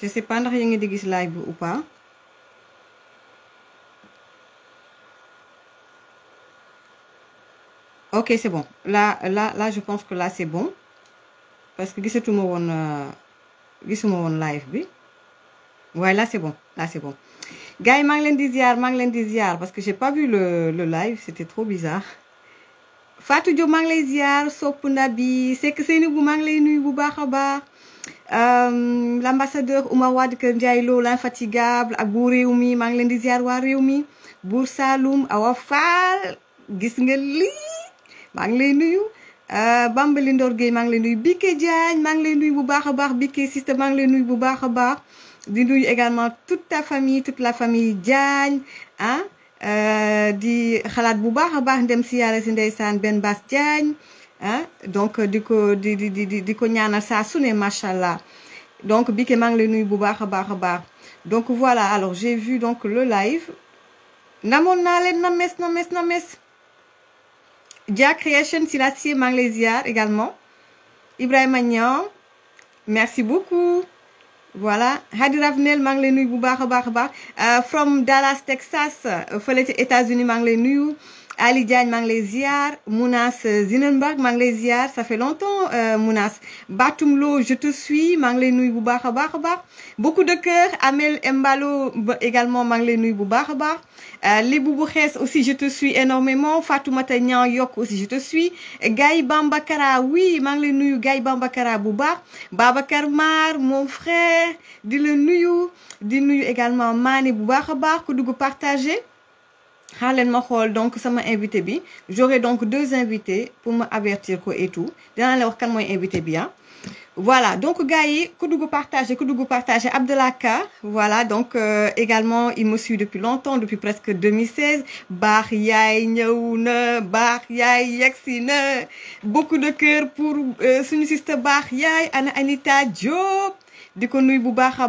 je sais pas si vous avez vu live ou pas ok c'est bon là là là je pense que là c'est bon parce que gisatuma woon euh, gisuma woon live bi là c'est bon là c'est bon gars yi maa leen parce que je n'ai pas vu le le live c'était trop bizarre Fatou Diop maa lay na bi c'est que c'est nous. lay Euh, l'ambassadeur Oumawad Kër Ndiaye Lo l'infatigable ak bu réew mi maa ngi leen di ziar waa réew mi Buur Saloum Awa Fall gis nga lii maa ngi lay nuyu euh, Bambali Ndor Gueye maa ngi lay nuyu Biké Diagne maa ngi lay nuyu bu baax a baax Biké Sista maa ngi lay nuyu bu baax a baax di nuyu également toute ta famille toute la famille jaañ ah. euh, di xalaat bu baax a baax ndem si yàlla si ndeysaan benn Bass Diagne Hein? donc du ko di di di di ko donc Biké mang ngi donc voilà alors j'ai vu donc le live namon na mes na mes Dia Creation si mang également Ibrahima merci beaucoup voilà Hadi Ravnel maa ngi euh, from Dallas Texas fële États-Unis Mangle Ali Diagne maa Mounas euh, Zinenberg maa ça fait longtemps euh, Mounas Batumlo, je te suis Manglenui ngi beaucoup de cœur Amel Mbalo également Manglenui Nui lay nuyu euh, aussi je te suis énormément Fatou Matanyan, Yok aussi je te suis Gaï Bambakara oui Manglenui, Gaï lay Bambakara bu Baba Karmar, mon frère Dile nuyou Dile di également Mané bu que nous partagez. Halen ma xol donc sama invité bi j'aurai donc deux invités pour me avertir ko et tout dans la wax kan moy invité bi ah. voilà donc gars yi partage dugg partager ko partager Abdallah voilà donc euh, également il me suit depuis longtemps depuis presque 2016 baax yaay ñëw na yaay beaucoup de cœur pour euh, suñu sister baax yaay ana Anita Job diko nuy bu baakha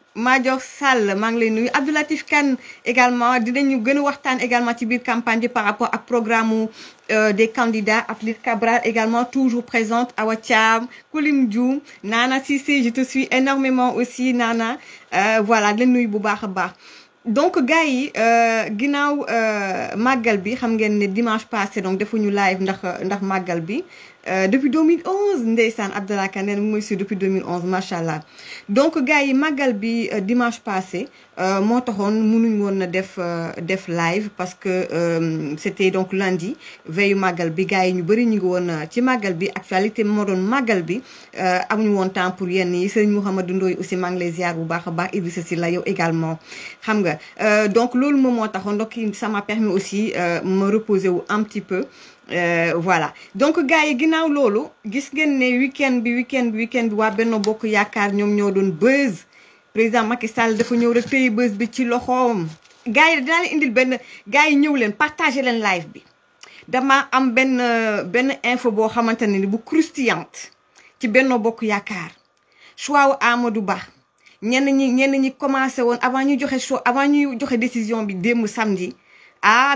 Major Sall maa ngi nuyu Abdoulatif également dinañu gën waxtaan également ci campagne par rapport ak programme euh, des candidats Aplit Cabral également toujours présente à Koulim djou Nana Cissé je te suis énormément aussi Nana euh, voilà di nuyu bu donc Gaï, yi Magalbi, euh, màggal bi xam dimanche passé donc defuñu live ndax ndax euh, depuis 2011 Ndeysan Abdallah Kane de la depuis 2011 machallah. donc gars magalbi euh, dimanche passé euh, taxoon mënuñ woon na def euh, def live parce que c'était donc lundi veille magalbi bi gars yi ñu bëri ñu magalbi, bi actualité moron magalbi euh bi amuñu woon temps pour yenn yi C'est Mohamed Ndoy aussi maa ngi lay ziar bu baax a baax Idrissa yow également xam nga donc loolu moment donc ça m'a permis aussi me reposer un petit peu. Euh, voilà donc gars yi gis ngeen week weekend bi weekend weekend bi Benno Bokk yakar, ñoo buzz président Macky dafa rek buzz bi ci loxom gars yi gars yi leen live bi dama am ben ben info bo xamanteni croustillante ci Benno Bokk choix Amadou ñi ñi commencé avant décision bi samedi ah,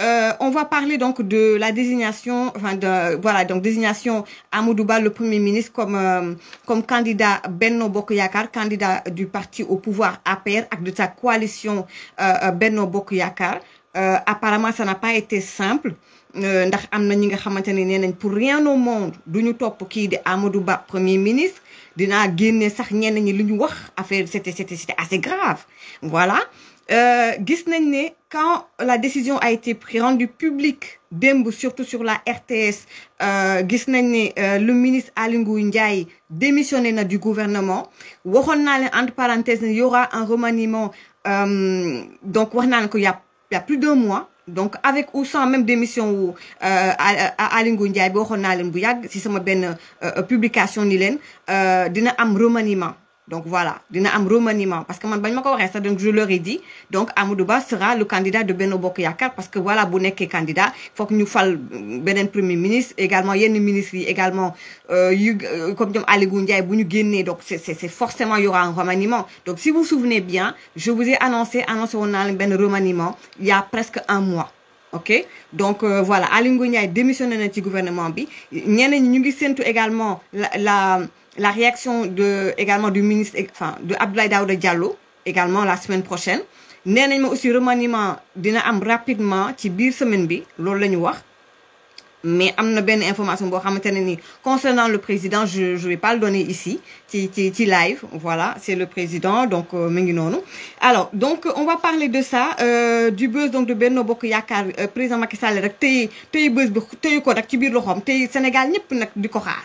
Euh, on va parler donc de la désignation, enfin de, voilà, donc désignation Amoudouba, le Premier ministre, comme, euh, comme candidat Benno Bokoyakar, candidat du parti au pouvoir APR, acte de sa coalition euh, euh Benno Bokoyakar. apparemment, ça n'a pas été simple. ndax pour rien au monde nous top qui est di Amadou Ba premier ministre de sax c'était c'était assez grave voilà quand la décision a été prise rendue publique surtout sur la RTS euh, euh, le ministre Alingou Ngouille démissionné du gouvernement Il entre parenthèses il y aura un remaniement euh, donc il y a y a plus d'un mois donc avec ou sans même démission à Aly Ngouille Ndiaye a waxoon naa bu publication ni y dina am remaniement donc voilà il y dina un remaniement parce que donc je leur ai dit donc Amadou Ba sera le candidat de Beno Bokk parce que voilà bu est candidat Il faut que nous fassions un premier ministre également yenn un ministre également euh, euh, comme ñoom Aliou et donc c'est c'est forcément y aura un remaniement donc si vous vous souvenez bien je vous ai annoncé annoncé on allait un remaniement il y a presque un mois ok donc euh, voilà Aliou Ndiaye démissionné du gouvernement bi avons également la la réaction de, également du ministre, enfin, de Abdoulaye Daouda Diallo, également la semaine prochaine. nee ma aussi remaniement dina am rapidement ci biir semaine bi lolou la wax mais amna information bo concernant le président je je vais pas le donner ici ci ci live voilà c'est le président donc euh, mu ngi alors donc on va parler de ça euh, du buzz donc de Benno Bokk euh, président Macky Sall rek tey tey buzz bi tey ko rek ci biir loxom tey Sénégal ñep nak diko xaar.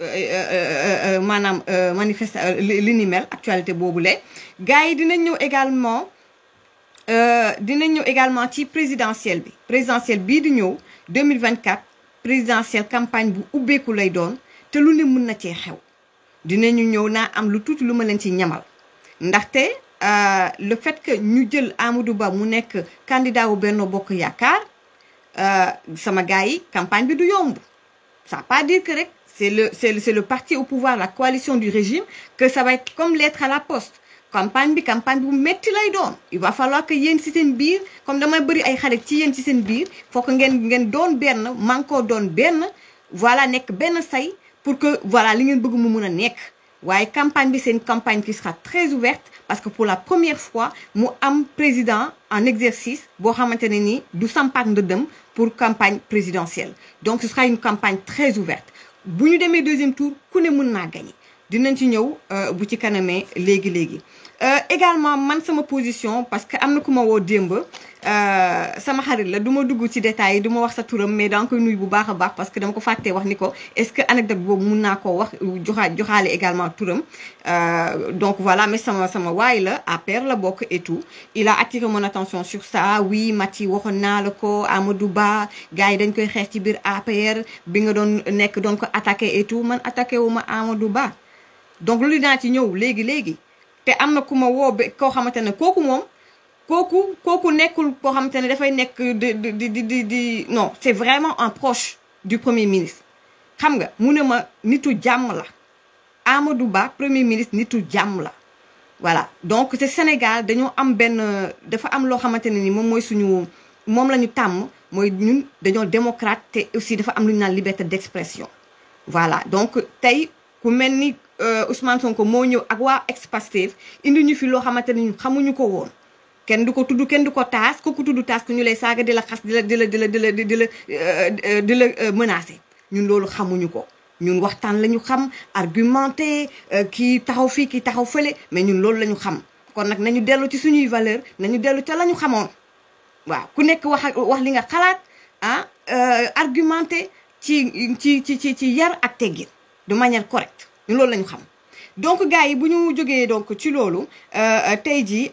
Euh, euh, euh, manam manifeste li actualité boobu le gaay dinañ ñëw également dinañ ñëw également ci présidentiel bi présidentiel bi di ñëw 2024 présidentiel campagne bu ku lay doon té lu ne mën na cee xew dinañu ñëw na am lu tout lu ma leen ci ñamal euh le fait que ñu jël Amadou Ba mu nekk candidat wu Benno Bokk euh sama gaay campagne bi du yomb ça pas dire que rek c'est le, le parti au pouvoir, la coalition du régime, que ça va être comme lettre à la poste. campagne campagne Vous mettez lay dons. il va falloir que yéen ci seen bille. comme demain, il ay xarit ci yéen ci bille. Il faut que ngeen ngeen doon benn donne doon voilà nek ben say pour que voilà li ngeen bëgg mu mun a campagne bi c'est une campagne qui sera très ouverte parce que pour la première fois mu am président en exercice Bo xamante ne ni du sampaak pour campagne présidentielle donc ce sera une campagne très ouverte bu ñu demee deuxième tour ku ne mën naa gagné dinañ ci ñëw euh, bu ci kanamee léegi léegi euh, également man sama position parce que am na ku ma woo démb. Euh, sama xarit la duma ma dugg ci détails yi du wax sa turam mais danga koy nuyu bu baax a baax parce que dama ko fàttee wax ni ko est-ce que anecdote boobu mun naa koo wax euh, joxaa joxaale également turam euh, donc voilà mais sama sama waay la APR la bokk et tout il a attiré mon attention sur ça oui Mati waxoon naa la ko Amadou Ba gars yi dañ koy xeex ci biir APR bi nga doon nekk doon ko attaqué et tout man attaqué wu ma Amadou Ba donc lu dinaa ci ñëw léegi léegi te am na ku ma woo koo xamante ne kooku moom kooku kooku nekul koo xamante ne dafay nekk di di di di non c'est vraiment un proche du premier ministre xam nga mu ma nitu jàmm la Amadou Ba premier ministre nitu jàmm la voilà donc c'est Sénégal dañoo am ben dafa am loo xamante ni moom mooy suñu moom la tam, tàmm ñun dañoo démocrate te aussi dafa am lu ñu liberté d'expression voilà donc tay ku mel ni euh, Ousmane Sonko moo ñëw ak waa ex indi ñu fi loo xamante ne xamuñu ko kenn du ko tudd kenn du ko taas ku ko tudd taas ku ñu lay saaga di la xas di la di la di la di la di la euh, di la euh, menacé ñun loolu xamuñu ko ñun waxtaan lañu xam argumenté euh, ki taxaw fi ki taxaw fële mais ñun loolu lañu xam kon nak nañu dellu ci suñuy valeur nañu dellu ci lañu xamoon waaw ku nekk wax wax li nga xalaat ah argumenté ci ci ci ci yar ak teggir de manière correcte ñun loolu lañu xam donc gars yi bu ñu donc ci loolu euh, euh, tey jii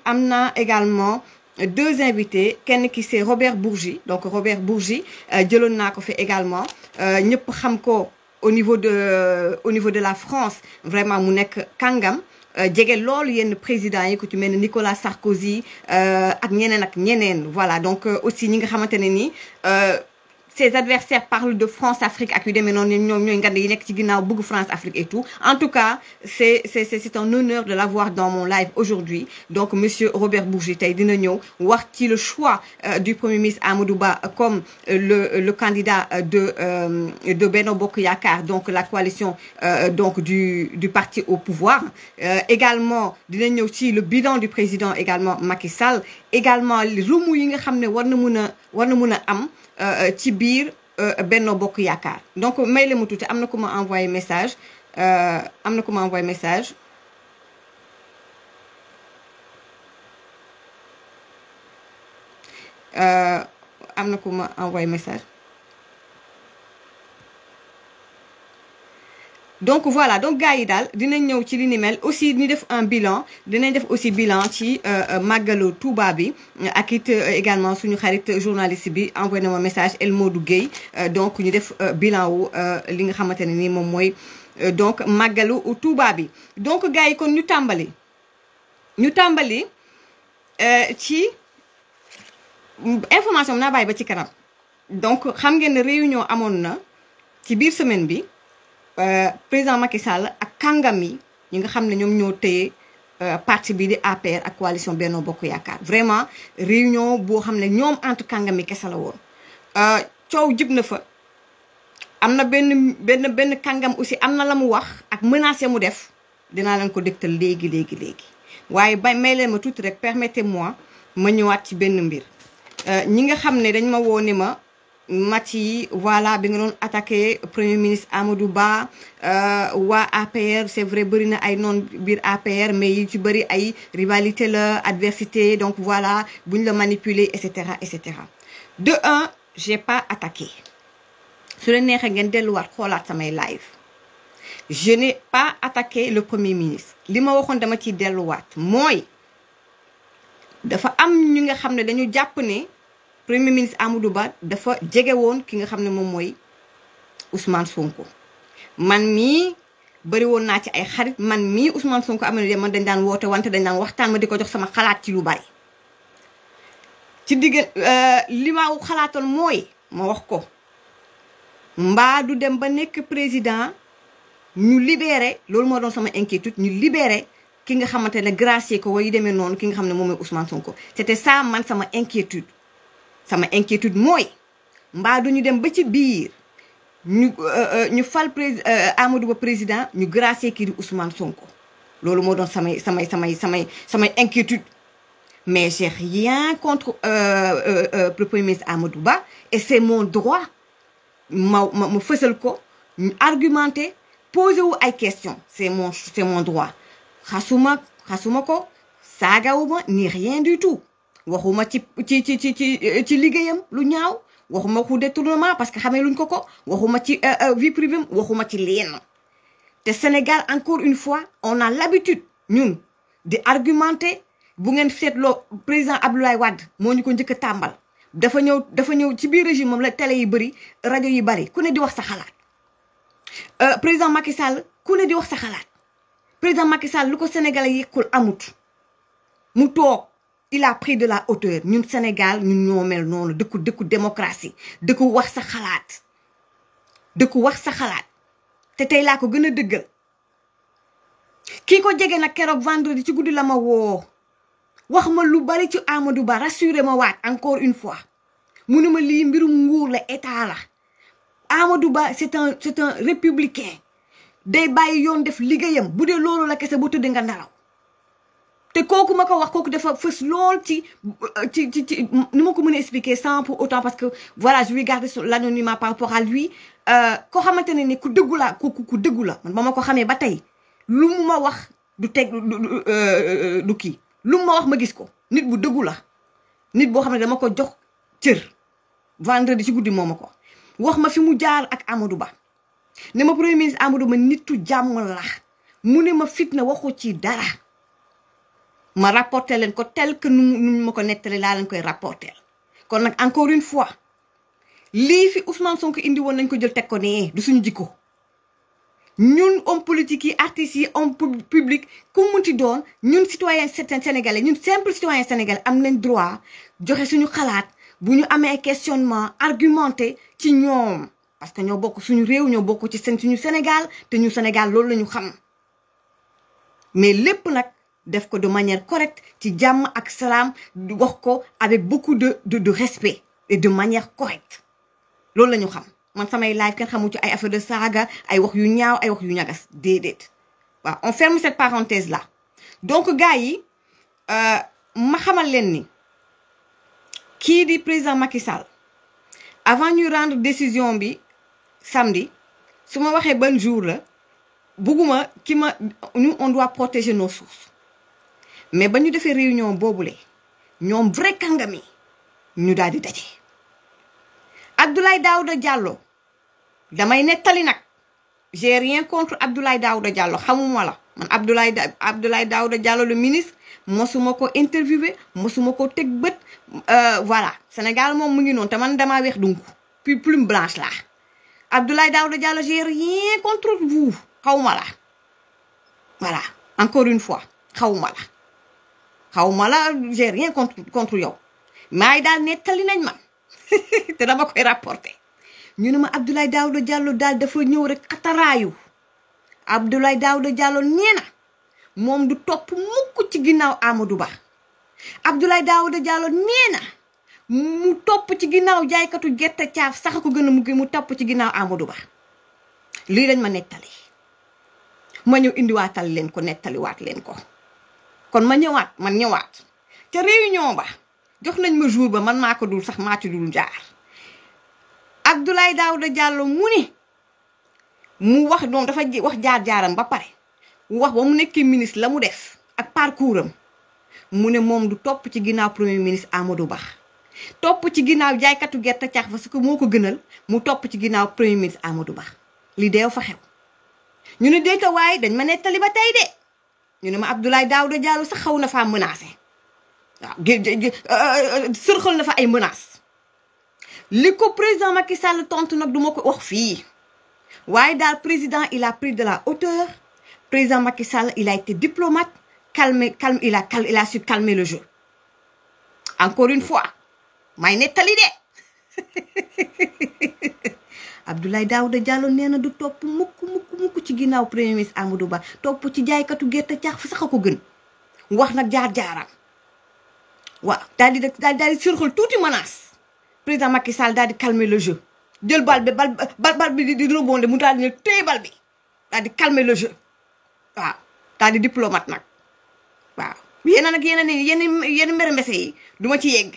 également deux invités Ken ki c'est Robert Bourgi donc Robert Bourgi euh, jëloon naa fait fi également ñëpp xam ko au niveau de au niveau de la France vraiment mu Kangam, kàngam jege loolu yenn président yi ko ci mel Nicolas Sarkozy ak ñeneen ak ñeneen voilà donc aussi ñi nga xamante ni euh ses adversaires parlent de France Afrique France Afrique et tout en tout cas c'est c'est c'est un honneur de l'avoir dans mon live aujourd'hui donc monsieur Robert Bourgi dina ñëw wax le choix euh, du premier ministre Amadou comme euh, le le candidat euh, de de Benno donc la coalition donc du du parti au pouvoir également le bilan du président également Macky Sall également les yi nga Tibir euh, euh, biir euh, Benno donc may la mu tuuti am message am na ku message am na ku message donc voilà donc Gaïdal, yi avons ci aussi un bilan dinañ def aussi bilan ci euh, euh, magalo Touba bi euh, ak également suñu xarit journaliste bi envoyé na message El Modou donc ñu bilan wu li nga xamante nous mom donc Magalo Touba bi. donc gaay kon ñu ñu ci information un bilan. ba ci donc xam ngeen réunion à na ci biir semaine bi. Euh, président Macky Sall ak kàngam yi ñi nga xam ne ñoom ñoo téye euh, parti bi di APR ak coalition benn Bokk Yaakaar vraiment réunion boo xam ne ñoom entre kàngam yi kese la woon euh, coow jib na fa am na benn benn benn kàngam aussi am na la mu wax ak menacé mu def dinaa leen ko dégtal léegi léegi léegi waaye ba may leen ma tuuti rek permettez-moi ma ñëwaat ci benn mbir ñi nga xam ne dañ ma woo ma Mati, voilà bi nga attaqué premier ministre Amadou Ba euh, APR c'est vrai bëri na non, bir APR mais yi ci rivalité la adversité donc voilà buñ le manipuler etc. etc. de un j'ai pas attaqué Sur su la neexee ngeen quoi xoolaat samay live je n'ai pas attaqué le premier ministre li ma waxoon dama ciy delluwaat mooy dafa am y a des dañu premier ministre Amadou Ba dafa jege woon ki nga xam ne moom mooy Ousmane Sonko man mii bëri woon naa ci ay xarit man mii Ousmane Sonko am na man dañ daan woote wante dañ daan waxtaan ma di ko jox sama xalaat ci lu bari ci digg euh, li ma xalaatoon mooy ma wax ko mbaa du dem ba nekk président ñu libéré loolu moo doon sama inquiétude ñu libéré ki nga xamante ne gracier ko way demee noonu ki nga xam ne moom mooy Ousmane Sonko c'était ça man sama inquiétude sama inquiétude moy mba duñu dem ba ci biir ñu euh, euh, euh, président ñu gracier Ousmane Sonko inquiétude mais j'ai rien contre le premier ministre Amadou et c'est mon droit ma ma argumenter poser ou ay questions c'est mon c'est mon droit un ni rien du tout waxuma ci ci ci ci ci eh, ci lu ñaaw waxuma ko détournement parce que xamé luñ ko ko waxuma ci eh, eh, vie privée waxuma ci lien té Sénégal encore une fois on a l'habitude ñun de argumenter bu ngeen seetloo président Abdoulaye wad moo ñu ko ñëk tambal dafa ñew dafa ñew ci bi régime moom la télé yi bari radio yi bari ku ne di wax sa xalaat euh président Macky Sall ku ne di wax sa xalaat président Macky Sall lu ko sénégalais yekul amut mu tok il a pris de la hauteur ñun Sénégal ñun Sénégal, nous sommes en démocratie dëkku wax sa xalaat coup, wax sa xalaat te la ko Qui a dëggal la wax ma lu bari ci Amadou encore une fois mbirum nguur état c'est un c'est un républicain day de yoon def la te kooku ma ko wax kooku dafa fës lool ci ci ci ci nu ko expliquer sans pour autant parce que voilà je lui garder l'anonymat par rapport à lui euh ko xamanteni ni ku dëggu la kooku ku dëggu la man ba ma ko xamee ba tey lu mu ma wax du teg du euh, kii lu mu ma wax ma gis ko nit bu dëggu la nit bo xamné dama ko jox cieur vendredi ci goudi momako wax ma fi mu jaar ak Amadou Ba ne ma premier ministre Amadou ma nitu jàmm la mu ma fitna waxu ci dara ma rapporter len ko tel que nu mako ma la nettali koy rapporter kon nak encore une fois li fi Ousmane Sonko indi won nagn ko djel tek ko nee du suñu djiko ñun homme politique yi artistes yi homme public ku munti doon ñun citoyen sénégalais ñun simple citoyen sénégalais am nañ droit joxe suñu xalaat bu ñu amee questionnement argumenté ci ñom parce que ñoo bokku suñu réew ñoo bokku ci seen suñu Sénégal té ñu Sénégal loolu lañu xam mais lépp nak def ko de manière correcte ci jamm ak salaam wax ko avec beaucoup de de de respect et de manière correcte lolou lañu xam man samay live ken xamou ci ay affaire de saga ay wax yu ñaaw ay wax yu ñagas déedéet wa on ferme cette parenthèse là donc gars yi euh, ma xamal len ni ki di président Macky Sall avant ñu rendre décision bi samedi suma ma waxee ban jour la buguma ki ma ñu on doit protéger nos sources mais nous défé réunion bobulé ñom vrai nous Abdoulaye Daouda Diallo damay n'ai j'ai rien contre Abdoulaye Daouda Diallo Abdoulaye Abdoulaye Daouda Diallo le ministre je ko interviewé je ko euh, voilà Sénégal mom mu ngi man plume blanche là. Abdoulaye Daouda Diallo j'ai rien contre vous voilà encore une fois xaw ma la j'ai rien contre contre yow maay daal nettali nañ ma te dama koy rapporte ñu ne ma Abdoulaye Daouda jàll daal dafa ñëw rek xataraayu Abdoulaye Daouda Diallo nee na moom du topp ci ginnaaw Amadou Ba Abdoulaye Daouda Diallo nee na topp ci ginnaaw jaaykatu gerte caaf sax ko gën a mu mu topp ci ginnaaw Amadou Ba lii lañ ma nettali ma ñëw indiwaatal leen ko nettaliwaat leen ko. kon ma ñëwaat man ñëwaat ca réunion ba jox nañ ma jour ba man maa ko dul sax maa ci dul jaar Abdoulaye Daouda Diallo mu ni mu wax doom dafa wax jaar-jaaram ba pare wax ba mu nekkee ministre la mu des ak parcours am mu ne moom du topp ci ginnaaw premier ministre Amadou Ba topp ci ginnaaw jaaykatu gerte caax parce que moo ko gënal mu topp ci ginnaaw premier ministre Amadou Ba li deew fa xew ñu ne déeta waaye dañ ma nettali ba tey de ñu ne ma Abdoulaye Daouda Diallo sax xaw na faa menacé waaw euh, euh, euh, sërxal na fa ay menace li président Macky Sall tontu nag du ma ko wax fii waaye daal président il a pris de la hauteur président Macky Sall il a été diplomate calme calme il a calme il a su calmer le jeu encore une fois may nettali de Abdoulaye Daouda Diallo nee na du topp mukk mukk mukk ci ginnaaw premier ministre Amadou Ba topp ci jaaykatu gerte caax fa sax a ko gën wax nag jaar-jaaram waaw daal di daal di surxal tuuti menace président Macky daal di calmer le jeu jël bal bi bal di rebondir mu daal di ne téye bal bi daal di calmer le jeu waaw daal di diplomate nag waaw. yeneen ak yeneen yi yenn yenn yi du ci yegg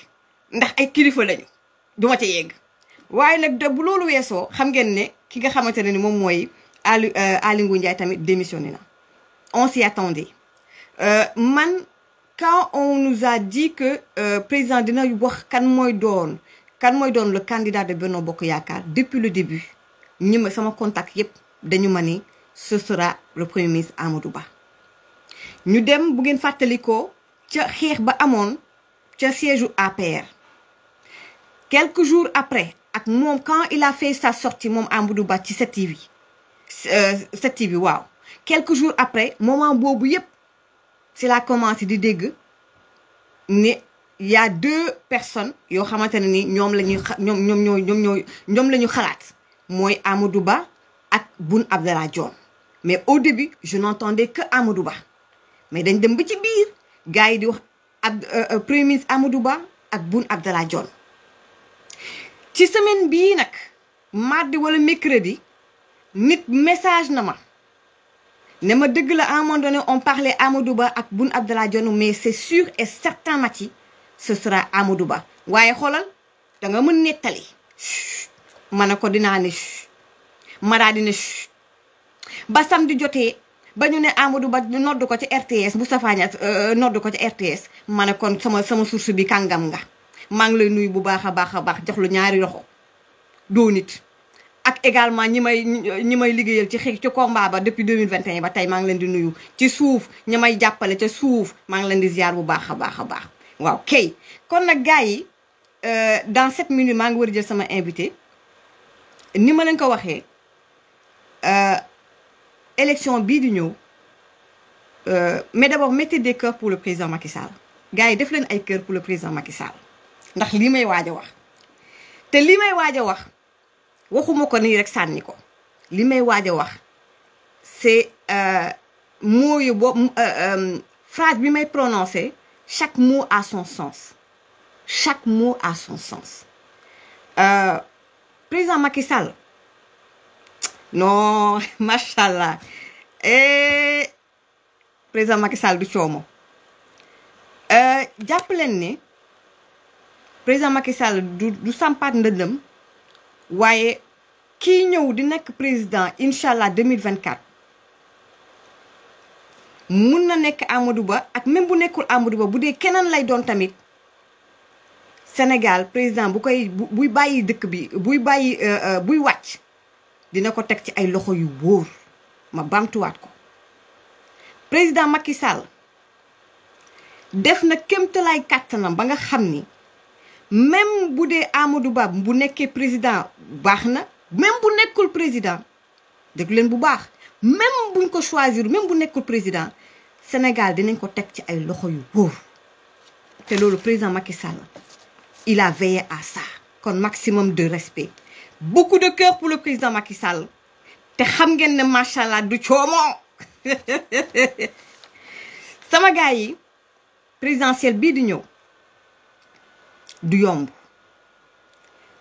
ndax ay kilifa lañu du ci yegg waaye nag bu loolu weesoo xam ngeen ne ki nga xamante ne ni moom mooy. Ali euh, Aliou tamit démissionné on s'y attendait euh, man quand on nous a dit que le euh, président dina wax kan moy don, kan le candidat de Benno Bokoyaka depuis le début nous avons contacté contact yépp ce sera le premier ministre Amadou Ba. ñu dem bu ngeen fàttalikoo ca ba siège APR quelques jours après quand il a fait sa sortie mon Amadou Ba ci tv euh, cette TV wow, quelques jours après moment bobu yep, c'est la commencé di Mais il y a deux personnes yo ni ñom ñom ñom ñom mais au début je n'entendais que Amadou mais dañ dem ba ci biir gaay di wax euh, euh, premier ministre ak Boun Abdallah Diom. semaine le mardi wala mercredi nit message ne ma la un on parlait Amadou Ba ak Abdallah mais c'est sûr et certain mati ce sera Amoudouba. Ba waaye xoolal da nga mën netali ma ne ko ba samedi joté ba ñu né Amadou Ba noddu ko ci RTS Moustapha euh, euh noddu ko ci RTS ma sama sama source bi kangam nga bu ak également ñi may ñi may liggéeyal ci xeex ci combat ba depuis 2021 ba tay ma ngi leen di nuyu ci souf ñi may jàppale ca suuf maa ngi leen di ziar bu baax a baax waaw kay kon nag gaay yi euh, dans sept minutes ma ngi wër jël sama invité ni ma leen ko euh élection bii di ñëw euh, mais d'abord mettez des cœurs pour le président Macky Sall gaay def leen ay cœur pour le président Macky Sall ndax lii may waaj wax te lii may wax waxuma ko que rek sànni ko limay may de wax c'est euh, mots yu euh, euh, phrase bi may prononcer chaque mot a son sens chaque mot a son sens président Macky Sall non machallah et eh, président Macky Sall du coomo euh jappelen ne président Macky Sall du du sampaat ndëndëm waaye kii ñëw di nekk président incha allah 2024 mun na nekk Amadou Ba ak même bu nekkul Amadou Ba bu dee keneen lay doon tamit Sénégal président bu koy buy bàyyi dëkk bi buy bàyyi euh, euh, buy wàcc dina ko teg ci ay loxo yu wóor ma bamtuwaat ko président Macky def na kéemtalaay kàttanam ba nga xam ni même bu dee Amadou Ba bu nekkee président. baxna même bu nekkul président déglu leen bu bax même buñ ko choisir même bu nekkul président Sénégal dinañ ko tek ci ay loxo yu wóor te président Macky Sall il a veillé à ça. kon maximum de respect beaucoup de cœur pour le président Macky Sall te xam ngeen ne macha du coomo sama gaay yi présidentiel bi di ñew du yomb.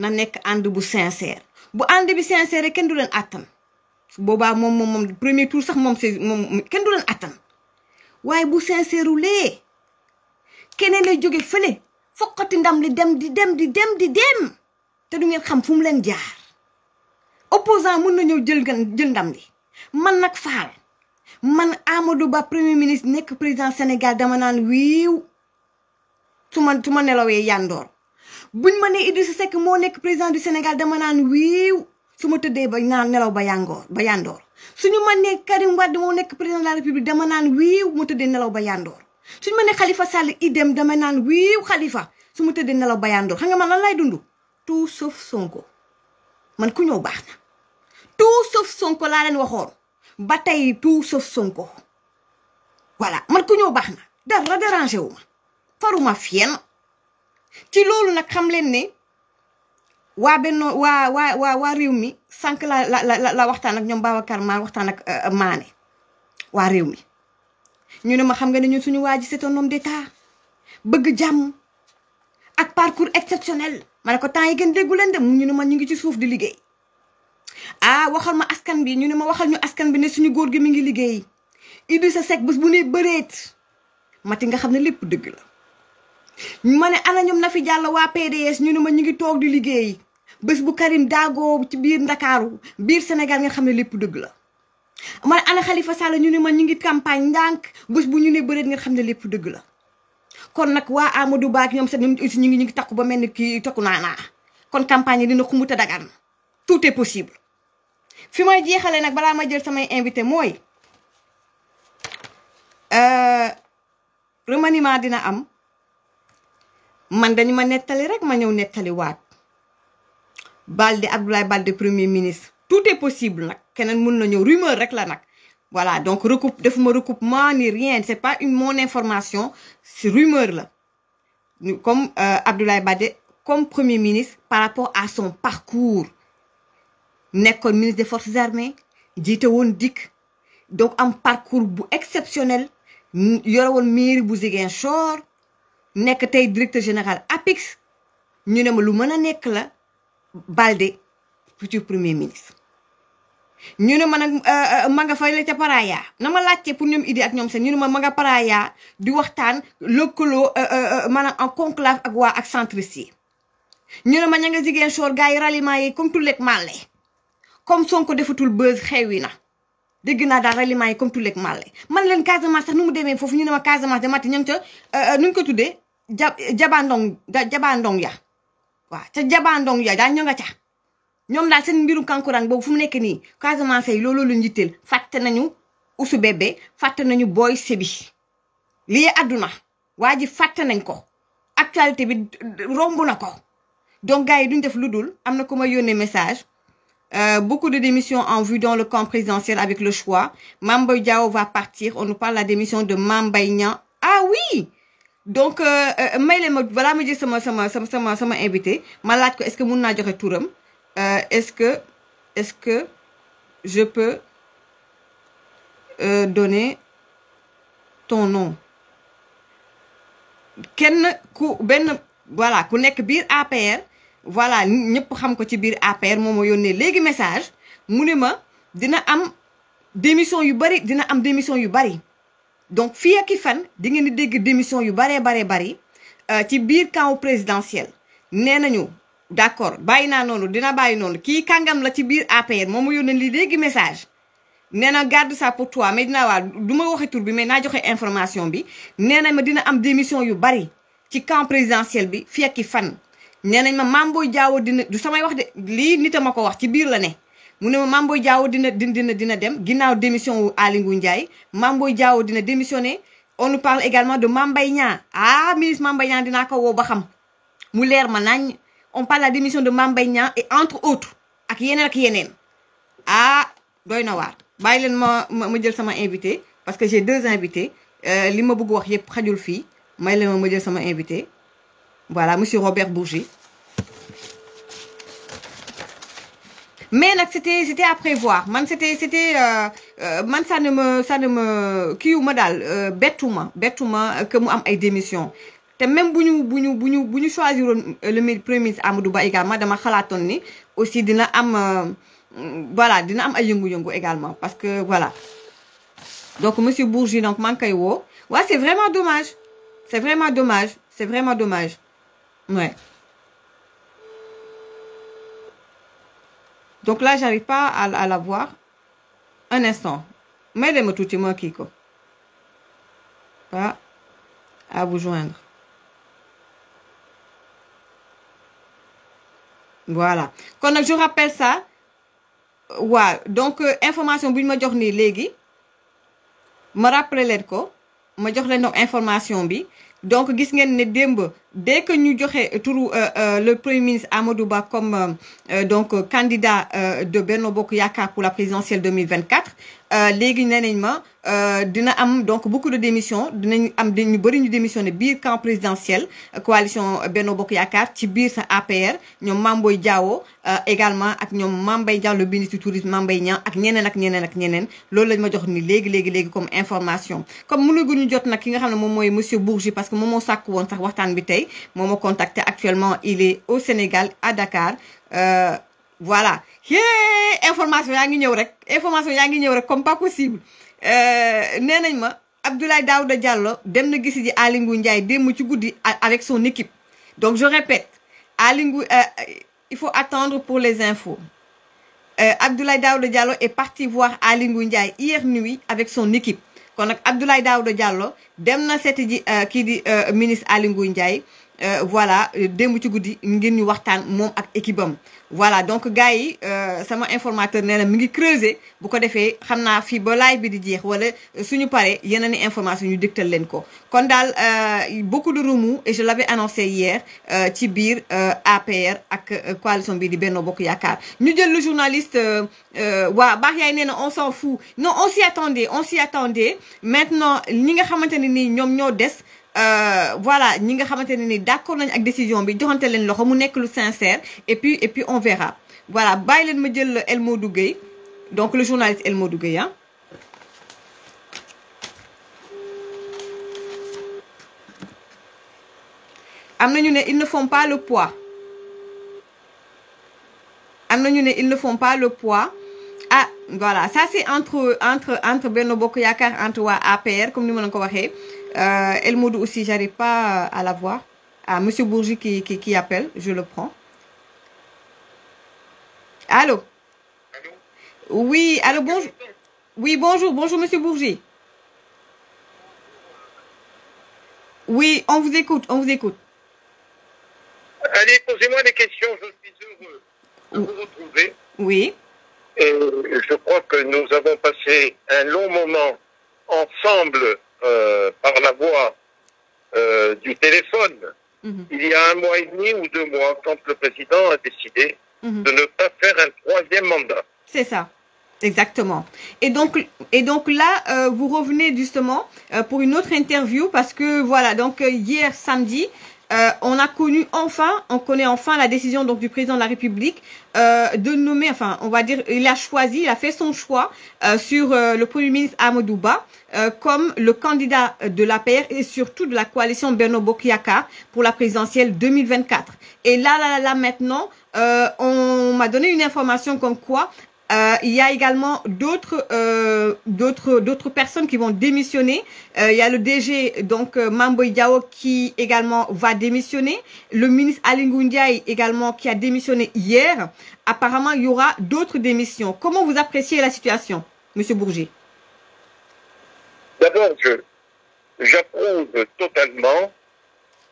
na nekk ànd bu sincère bu ànd bi sincère kenn du leen àttan boobaa moom moom moom premier tour sax moom c'est moom kenn du leen àttan waaye bu sincère lee keneen lay jóge fële fokkati ndam li dem di dem di dem di dem te du ngeen xam fu mu leen jaar opposant mën na ñëw jël gan jël li man nag faal man Amadou Ba premier ministre nekk président Sénégal dama naan wiiw su ma su ma nelawee yandoor bu ñu manee nee Idrissa Seck moo nekk président du Sénégal dama naan wiiw su ma tëddee ba naan nelaw ba yangoor ba yandoor suñu ma nee Karim Wade moo nekk président de la République dama naan wiiw ma tëddee nelaw ba yandoor su ma nee Khalifa Sall idem dama naan wiiw Khalifa su ma tëddee nelaw ba yandoor xam nga man lan lay dundu tout sauf Sonko man ku ñëw baax na tout sauf Sonko laa leen waxoon ba tey tout sauf Sonko voilà man ku ñëw baax na dara dérangé wu ma faruma ci loolu nag xam leen ne waa benn waa waa waa waa réew mi sànq la la la la waxtaan ak ñoom Babacar Mar waxtaan ak euh, Maane waa réew mi ñu ne ma xam nga ne suñu waa ji c'est un homme d'état bëgg jàmm ak parcours exceptionnel ma ne ko temps yi gën déggu leen de ñu ne ma ñu ngi ci suuf di liggéey ah waxal ma askan bi ñu ne ma waxal ñu askan bi ne suñu góor gi mi ngi liggéey Idrissa sa bés bu ne bëreet mati nga xam ne lépp dëgg la ma ne ana ñoom na fi jàll waa PDS ñu ne ma ñu ngi toog di liggéey bés bu Karim daagoo ci biir Ndakaaru biir Sénégal ngeen xam ne lépp dëgg la. ma ne ana Khalifa Sall ñu ne ma ñu ngi campagne ndànk bés bu ñu ne bëreet ngeen xam ne lépp dëgg la kon nag waa ama du ak ñoom sax ñoom aussi ñu ngi ñu ngi takku ba mel ni kii takku naa naa kon campagne yi dina xumut a dagaan tout est possible fi may jeexalee nag balaa ma jël samay invité mooy euh, remaniement dina am. man dañu ma nettali rek ma ñëw nettali waat Balde Abdoulaye Balde premier ministre tout est possible nak keneen mën na rumeurs. rumeur rek la nak voilà donc recoup defuma recoupement ni rien c'est pas une bonne information c'est rumeur la comme euh, Abdoulaye Balde comme premier ministre par rapport à son parcours comme ministre des forces armées jiite won dik donc un parcours bu exceptionnel yore woon mairie bu Ziguinchor nekk tey directeur général APIX ñu ne ma lu mën a nekk la Balde futur premier ministre. ñu ne ma nag euh, euh, ma nga fay la ca Paraya na ma laajte pour ñoom idée ak ñoom seen ñu ne ma ma nga Paraya di waxtaan lëkkaloo euh, maanaam en conclave ak waa ak centriste yi. ñu ne ma ña nga jigéen soor gars yi ralliement yi comme tulleeg màlle comme Sonko defatul buzz xewi na. dégg naa daal ralliement yi comme tulleeg màlle man leen Casamance sax nu mu demee foofu ñu ne ma Casamance de mati nu ñu ko tuddee ja jabandong jabandong ya wa ca jabandong ya daal ñoo nga ca ñom daal seen mbirum kankurang bo fu mu nekk ni Casamance yi looloo lu njitteel fatte nañu usu bébé fatte nañu boy sebi li aduna waji fatte nañ ko actualité bi rombu nako donc gaay duñ def lu amna kuma yone message Euh, beaucoup de démissions en vue dans le camp présidentiel avec le choix. Mamboy Diao va partir. On nous parle la démission de Mambaïnian. Ah oui donc euh, euh, may ma invité est-ce que euh, est-ce que est-ce que je peux donner ton nom ken ku ben voilà ku nek biir APR voilà ñepp xam ko ci biir APR message ma dina am démission yu donc fii ak fan di ngeen di dégg démission yu baree baree bari euh, ci biir camp présidentiel nénañu d'accord, bayina accord dina bàyyi noonu ki kangam la ci biir APR momu mu li message nee garde ça pour toi mais dina wa duma waxe tour bi mais na joxe information bi Nena ma dina am démission yu bari ci camp présidentiel bi fii ak fan nénañ ma Mame Boye du samay wax de li nit ma wax ci biir la né mu ne ma Mame Boye dina dina dem ginnaaw démission wu ali Ngouille Ndiaye Mame dina démissionné on nous parle également de Mame ah ministre Mame Mbaye Niang ko wo ba xam mu leer ma nañ on parle la démission de Mame et entre autres ak yeneen ak yenen ah doy na waar bàyyi ma ma jël sama invité parce que j'ai deux invités euh, li ma bëgg wax yépp xajul fi may leen ma jël sama invité voilà monsieur Robert Bourget. mais c'était c'était à prévoir man c'était c'était euh, euh, man ça ne me ça ne me qui ma daal euh, bettuma bettuma que mu am ay démission t'es même bougnou bougnou bougnou bougnou bu le premier ministre Amadou Ba également dama xalaatoon ni aussi dina am mm, voilà dina am ay yëngu-yëngu également parce que voilà donc monsieur Bourgi donc man ngi ouais c'est vraiment dommage c'est vraiment dommage c'est vraiment dommage ouais Donc là, j'arrive pas à, la voir. Un instant. Mais moi tout moi Kiko. Pas à vous joindre. Voilà. Quand je rappelle ça, Voilà. donc euh, information je ma jox legi. ma rappelé ma donc information bi donc gis né dès que nous aurons euh, euh, le Premier ministre Amadou comme euh, donc candidat de Benoît Bokuyaka pour la présidentielle 2024, euh, léegi nénéñ euh, dina am donc beaucoup de démissions dinañ am ñu bari ñu démissionné biir camp présidentiel coalition Benno Bokk Yaakaar ci biir sa APR ñom Mamboy Diawo euh, également ak ñom Mambay Diaw le ministre du tourisme Mambay Niang ak ñeneen ak ñeneen ak ñeneen loolu lañ ma jox ni légui légui légui comme information comme mënu guñu jot nak ki nga xamne mom moy monsieur Bourgi parce que moom moo sàkk woon sax waxtaan bi tay moo contacté actuellement il est au Sénégal à Dakar voilà yee information yangi ngi information yangi ngi rek comme pas possible euh ma Abdoulaye Daouda Diallo dem na gisi ji Aly Ndiaye ci avec son équipe donc je répète euh, il faut attendre pour les infos euh, Abdoulaye Daouda Diallo est parti voir Alingou hier nuit avec son équipe kon Abdoulaye Daouda Diallo dem na seeti euh, di ministre Aly euh, voilà euh, dembu ci goudi ngeen ñu waxtaan mom ak équipe am voilà donc gars yi euh, sama informateur nee na mi ngi creuser bu ko défé xamna fi fii ba live bi di jeex wala suñu paré yeneen information ñu dégtal leen ko kon daal beaucoup de remous et je l'avais annoncé hier ci biir APR ak coalition bi di Benno Bokk yakar ñu jël le journaliste wa baax yaay nee na on s'en fout non on s'y attendait on s'y attendait maintenant ñi nga xamante ni ñom ñoo dess euh, voilà ñi nga xamanteni ni d'accord nañ ak décision bi joxante leen loxo mu nekk lu sincère et puis et puis on verra voilà bay leen ma jël El Modou Gueye donc le journaliste El Modou Gueye ah ñu né ils ne font pas le poids amna ñu né ils ne font pas le poids ah voilà ça c'est entre entre entre Benno Bokk Yaakaar entre waa APR comme ni ma la ko waxee euh, El aussi, j'arrive pas euh, à la voir. Ah, euh, Monsieur Bourgi qui, appelle, je le prends. Allô? allô oui, allô, bonjour. Oui, bonjour, bonjour Monsieur Bourgi. Oui, on vous écoute, on vous écoute. Allez, posez-moi des questions, je suis heureux de vous retrouver. Oui. Et je crois que nous avons passé un long moment ensemble euh, par la voix euh, du téléphone mhm. il y a un mois et demi ou deux mois quand le président a décidé mhm. de ne pas faire un troisième mandat. C'est ça. Exactement. Et donc, et donc là, euh, vous revenez justement pour une autre interview parce que voilà, donc hier samedi, euh, on a connu enfin, on connaît enfin la décision donc du président de la République euh, de nommer, enfin, on va dire, il a choisi, il a fait son choix euh, sur le Premier ministre Amadouba comme le candidat de la PR et surtout de la coalition berno Bokiaka pour la présidentielle 2024. Et là, là, là, maintenant, on m'a donné une information comme quoi euh, il y a également d'autres euh, d'autres d'autres personnes qui vont démissionner. Euh, il y a le DG donc Mambo qui également va démissionner. Le ministre Alingundiaï également qui a démissionné hier. Apparemment, il y aura d'autres démissions. Comment vous appréciez la situation, Monsieur Bourget D'abord, j'approuve totalement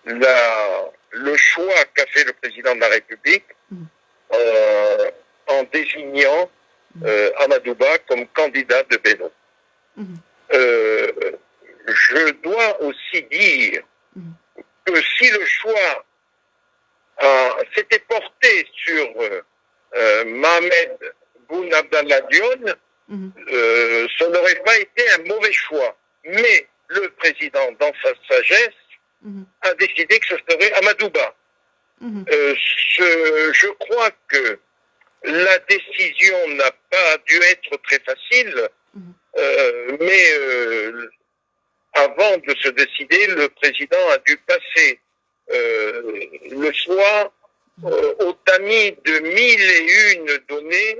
le choix qu'a fait le président de la République. Mm. en désignant euh, Amadouba comme candidat de Bénin. Mhm. Euh, je dois aussi dire mhm. que si le choix euh, s'était porté sur euh, Mohamed Boun Abdallah Dion, mhm. ce n'aurait pas été un mauvais choix. Mais le président, dans sa sagesse, a décidé que ce serait Amadouba. je crois que la décision n'a pas dû être très facile, mhm. euh, mais euh, avant de se décider, le président a dû passer euh, le choix au tamis de mille et une données,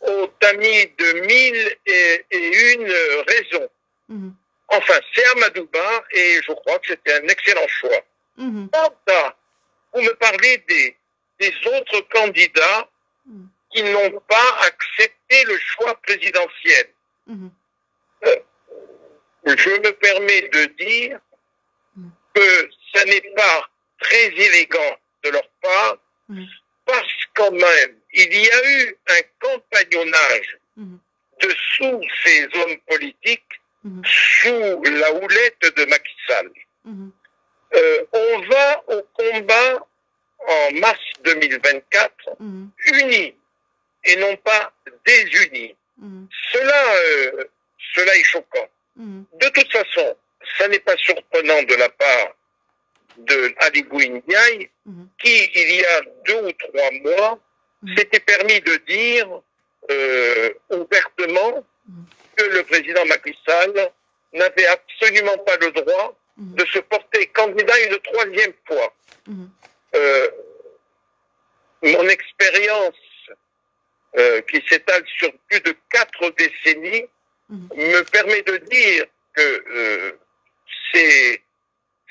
au tamis de mille et, une raisons. Mhm. Enfin, c'est Madouba, et je crois que c'était un excellent choix. Mhm. Quant vous me parlez des autres candidats, qui n'ont pas accepté le choix présidentiel. Mhm. Euh, je me permets de dire que ce n'est pas très élégant de leur part, mhm. parce qu'en même, il y a eu un compagnonnage mhm. sous ces hommes politiques sous la houlette de Macky Sall. Euh, on va au combat en mars 2024 mhm. unis et non pas désunis. Mhm. Cela, euh, cela est choquant. Mhm. De toute façon, ça n'est pas surprenant de la part de Ali qui, il y a deux ou trois mois, s'était permis de dire euh, ouvertement que le président Macky Sall n'avait absolument pas le droit de se porter candidat une troisième fois. Euh, mon expérience euh, qui s'étale sur plus de quatre décennies mhm. me permet de dire que euh,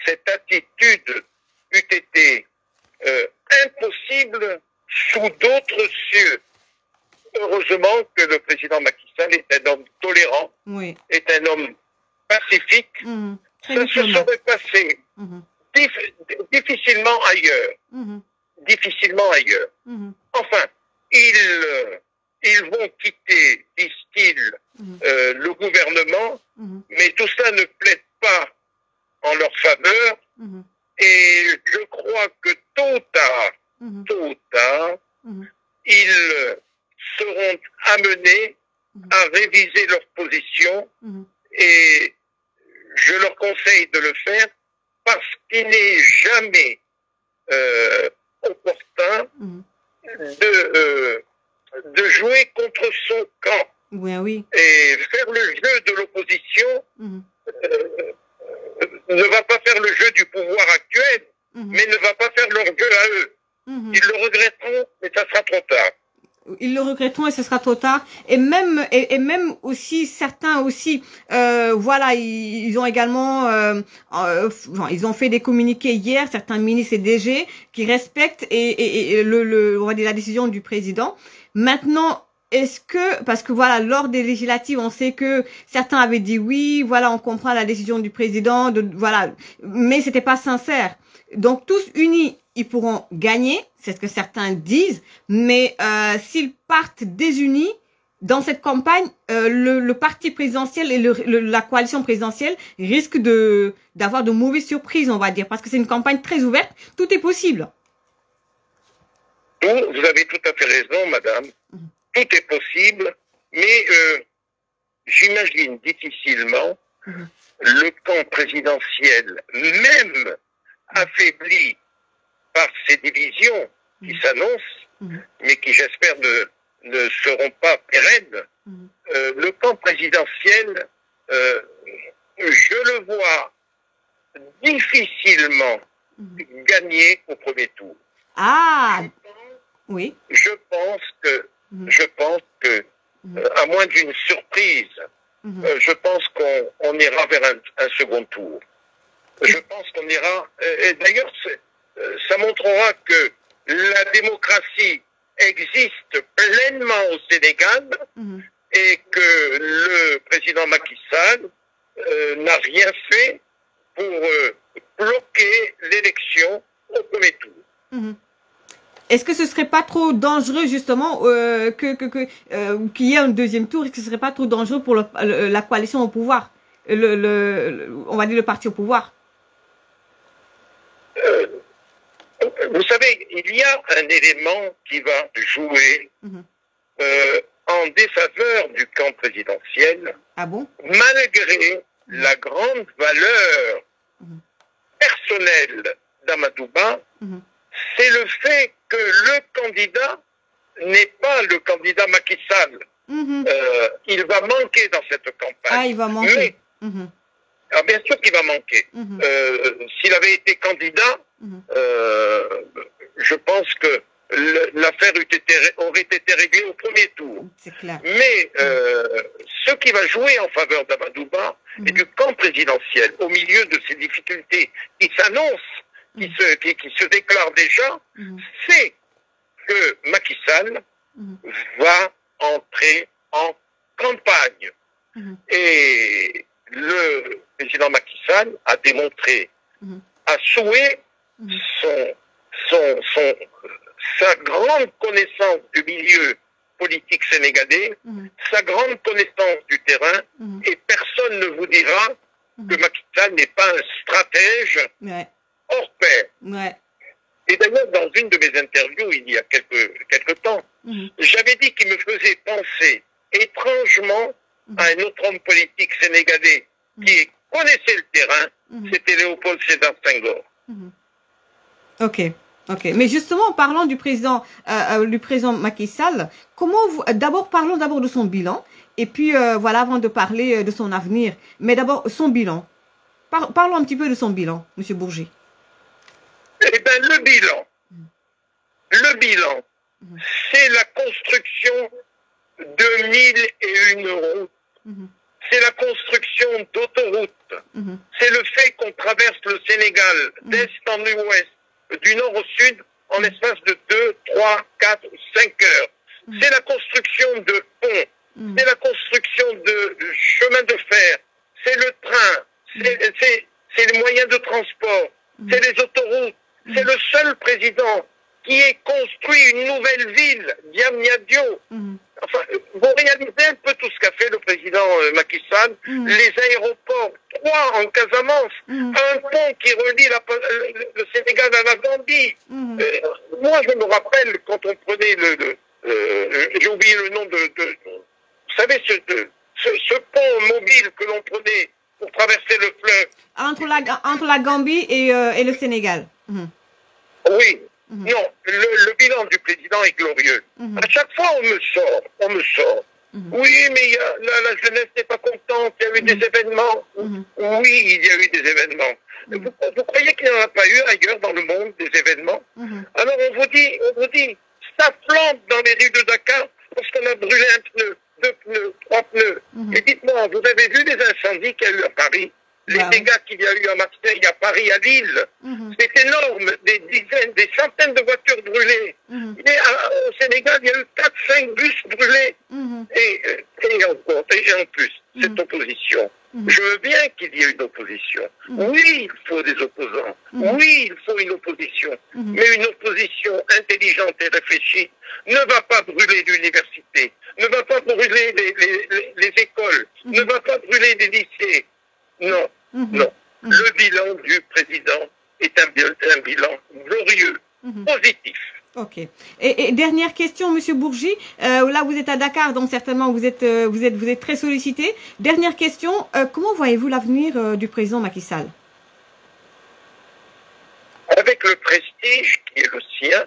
cette attitude eût été impossible sous d'autres cieux. Heureusement que le président Macky Sall est un homme tolérant, est un homme pacifique. Mhm. Ça se serait passé. Mhm difficilement ailleurs. Mhm. Difficilement ailleurs. Mhm. Enfin, ils, euh, ils vont quitter, disent-ils, mhm. euh, le gouvernement, mais tout ça ne plaît pas en leur faveur. Et je crois que tôt ou tard, tôt ou tard, ils euh, seront amenés à réviser leur position et je leur conseille de le faire parce qu'il n'est jamais euh, opportun mhm. euh, de, jouer contre son camp. Et faire le jeu de l'opposition mhm. euh, ne va pas faire le jeu du pouvoir actuel, mhm. mais ne va pas faire leur jeu à eux. Ils le regretteront, mais ça sera trop tard ils le regretteront et ce sera trop tard. Et même et, même aussi certains aussi, euh, voilà, ils, ont également, euh, euh, ils ont fait des communiqués hier, certains ministres et DG qui respectent et, le, le on va dire la décision du président. Maintenant, est-ce que parce que voilà lors des législatives on sait que certains avaient dit oui voilà on comprend la décision du président de voilà mais c'était pas sincère donc tous unis, ils pourront gagner, c'est ce que certains disent, mais euh, s'ils partent désunis, dans cette campagne, euh, le, parti présidentiel et la coalition présidentielle risquent de d'avoir de mauvaises surprises, on va dire, parce que c'est une campagne très ouverte, tout est possible. vous avez tout à fait raison, madame. Mm-hmm. Tout est possible, mais euh, j'imagine difficilement mm-hmm. le camp présidentiel, même affaibli par ces divisions qui mm. s'annoncent, mm. mais qui j'espère ne, seront pas pérennes, mm. euh, le camp présidentiel, euh, je le vois difficilement gagner au premier tour. Ah je pense, oui. Je pense que je pense que euh, à moins d'une surprise, mm-hmm. je pense qu'on ira vers un second tour je pense qu'on ira. Euh, d'ailleurs, euh, ça montrera que la démocratie existe pleinement au Sénégal mhm. et que le président Macky Sall euh, n'a rien fait pour bloquer l'élection au premier tour. Mhm. Est-ce que ce serait pas trop dangereux justement qu'il y ait un deuxième tour Est-ce que ce serait pas trop dangereux pour la coalition au pouvoir, on va dire le parti au pouvoir il y a un élément qui va jouer mhm. euh, en défaveur du camp présidentiel, ah malgré la grande valeur mhm. personnelle d'Amadouba, mhm. c'est le fait que le candidat n'est pas le candidat Macky Sall. Euh, il va manquer dans cette campagne. Ah, il va manquer. bien sûr qu'il va manquer. Euh, s'il avait été candidat, je pense que l'affaire aurait été réglée au premier tour. Mais euh, ce qui va jouer en faveur d'Amadouba mhm. et du camp présidentiel, au milieu de ces difficultés qui s'annoncent, qui, mhm. se, qui, déclarent déjà, mhm. c'est que Macky Sall va entrer en campagne. Et le président Macky Sall a démontré a souhait son son, sa grande connaissance du milieu politique sénégalais, mhm. sa grande connaissance du terrain, mhm. et personne ne vous dira mhm. que Macky n'est pas un stratège hors pair. Et d'ailleurs, dans une de mes interviews, il y a quelques, quelques temps, j'avais dit qu'il me faisait penser étrangement à un autre homme politique sénégalais qui connaissait le terrain, c'était Léopold Sédar Senghor. Ok. Ok, mais justement, en parlant du président, euh, euh, du président Macky Sall, comment d'abord parlons d'abord de son bilan, et puis euh, voilà avant de parler de son avenir, mais d'abord son bilan. parlons un petit peu de son bilan, Monsieur Bourget. Eh bien, le bilan, mm. le bilan, mm. c'est la construction de mille et une routes. Mm-hmm. C'est la construction d'autoroutes. Mm-hmm. C'est le fait qu'on traverse le Sénégal d'est mm-hmm. en ouest du nord au sud en mm. l'espace de deux, trois, quatre, cinq heures. Mm. C'est la construction de ponts, mm. c'est la construction de chemins de fer, c'est le train, c'est les moyens de transport, c'est les autoroutes. C'est le seul président qui ait construit une nouvelle ville, Diamniadio. Mhm. Enfin, vous réalisez un peu tout ce qu'a fait le président euh, Macky Sall, mhm. les aéroports, trois en Casamance, mhm. un pont qui relie euh, le, Sénégal à la Gambie. Euh, moi, je me rappelle quand on prenait le, j'ai oublié le nom de, vous savez, ce, ce, pont mobile que l'on prenait pour traverser le fleuve. Entre la, entre la Gambie et, et le Sénégal. Oui, Mhm. Non, le, bilan du président est glorieux. Mhm. À chaque fois, on me sort, on me sort. Mhm. Oui, mais la, jeunesse n'est pas contente, il y a eu des événements. Oui, il y a eu des événements. Vous, croyez qu'il n'y en a pas eu ailleurs dans le monde des événements Alors on vous dit, on vous dit, ça flambe dans les rues de Dakar parce qu'on a brûlé un pneu, deux pneus, trois pneus. Et dites-moi, vous avez vu les incendies qu'il y a eu à Paris les dégâts qu'il y a eu à Marseille, à Paris, à Lille, mhm. c'est énorme. Des dizaines, des centaines de voitures brûlées. Mhm. Euh, au Sénégal, il y a eu 4-5 bus brûlés. Mhm. Et, euh, encore, et en plus, cette opposition. Je veux bien qu'il y ait une opposition. Oui, il faut des opposants. Oui, il faut une opposition. Mais une opposition intelligente et réfléchie ne va pas brûler l'université, ne va pas brûler les, les écoles, ne va pas brûler les lycées. Non, Mhm. Non. Mhm. Le bilan du président est un, bilan glorieux, mhm. positif. Ok. Et, dernière question, Monsieur Bourgi. Euh, là, vous êtes à Dakar, donc certainement vous êtes, euh, vous êtes, vous êtes très sollicité. Dernière question. Euh, comment voyez-vous l'avenir du président Macky Sall Avec le prestige qui est le sien,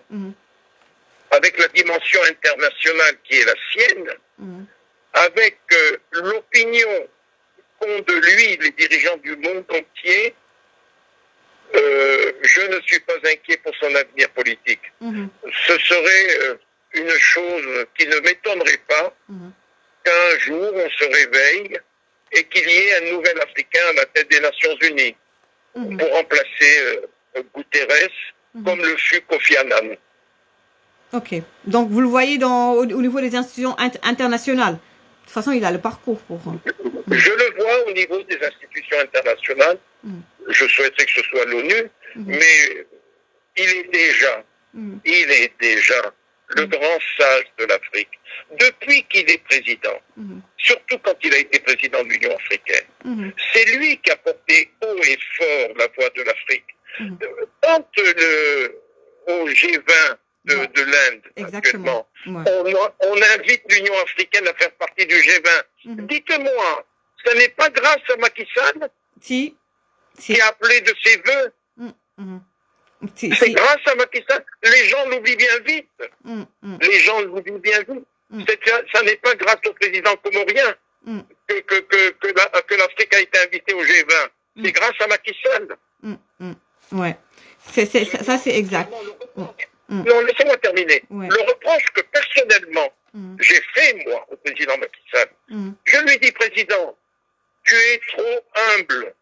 avec la dimension internationale qui est la sienne, avec l'opinion de lui les dirigeants du monde entier, euh, je ne suis pas inquiet pour son avenir politique. Mhm. Ce serait euh, une chose qui ne m'étonnerait pas mhm. qu'un jour on se réveille et qu'il y ait un nouvel Africain à la tête des Nations Unies mhm. pour remplacer euh, Guterres comme le fut Kofi Annan. Ok, donc vous le voyez au, niveau des institutions internationales. De toute façon, il a le parcours pour. Je le vois au niveau des institutions internationales. Mm. Je souhaiterais que ce soit l'ONU, mm. mais il est déjà, mm. il est déjà le grand sage de l'Afrique. Depuis qu'il est président, surtout quand il a été président de l'Union africaine, c'est lui qui a porté haut et fort la voix de l'Afrique. Quand le, au G20 de, l'Inde actuellement, on, invite l'Union africaine à faire partie du G20. Dites-moi, ce n'est pas grâce à Macky Sall qui a appelé de ses voeux. Mm, mm. C'est grâce à Macky Sall. Les gens l'oublient bien vite. Mm, Les gens l'oublient bien vite. Ça n'est pas grâce au président comorien que, l'Afrique a été invitée au G20. C'est grâce à Macky Sall. Ouais. ça, c'est exact. Non, laissez-moi terminer. Le reproche que personnellement j'ai fait, moi, au président Macky Sall, je lui dis, président, tu es trop humble.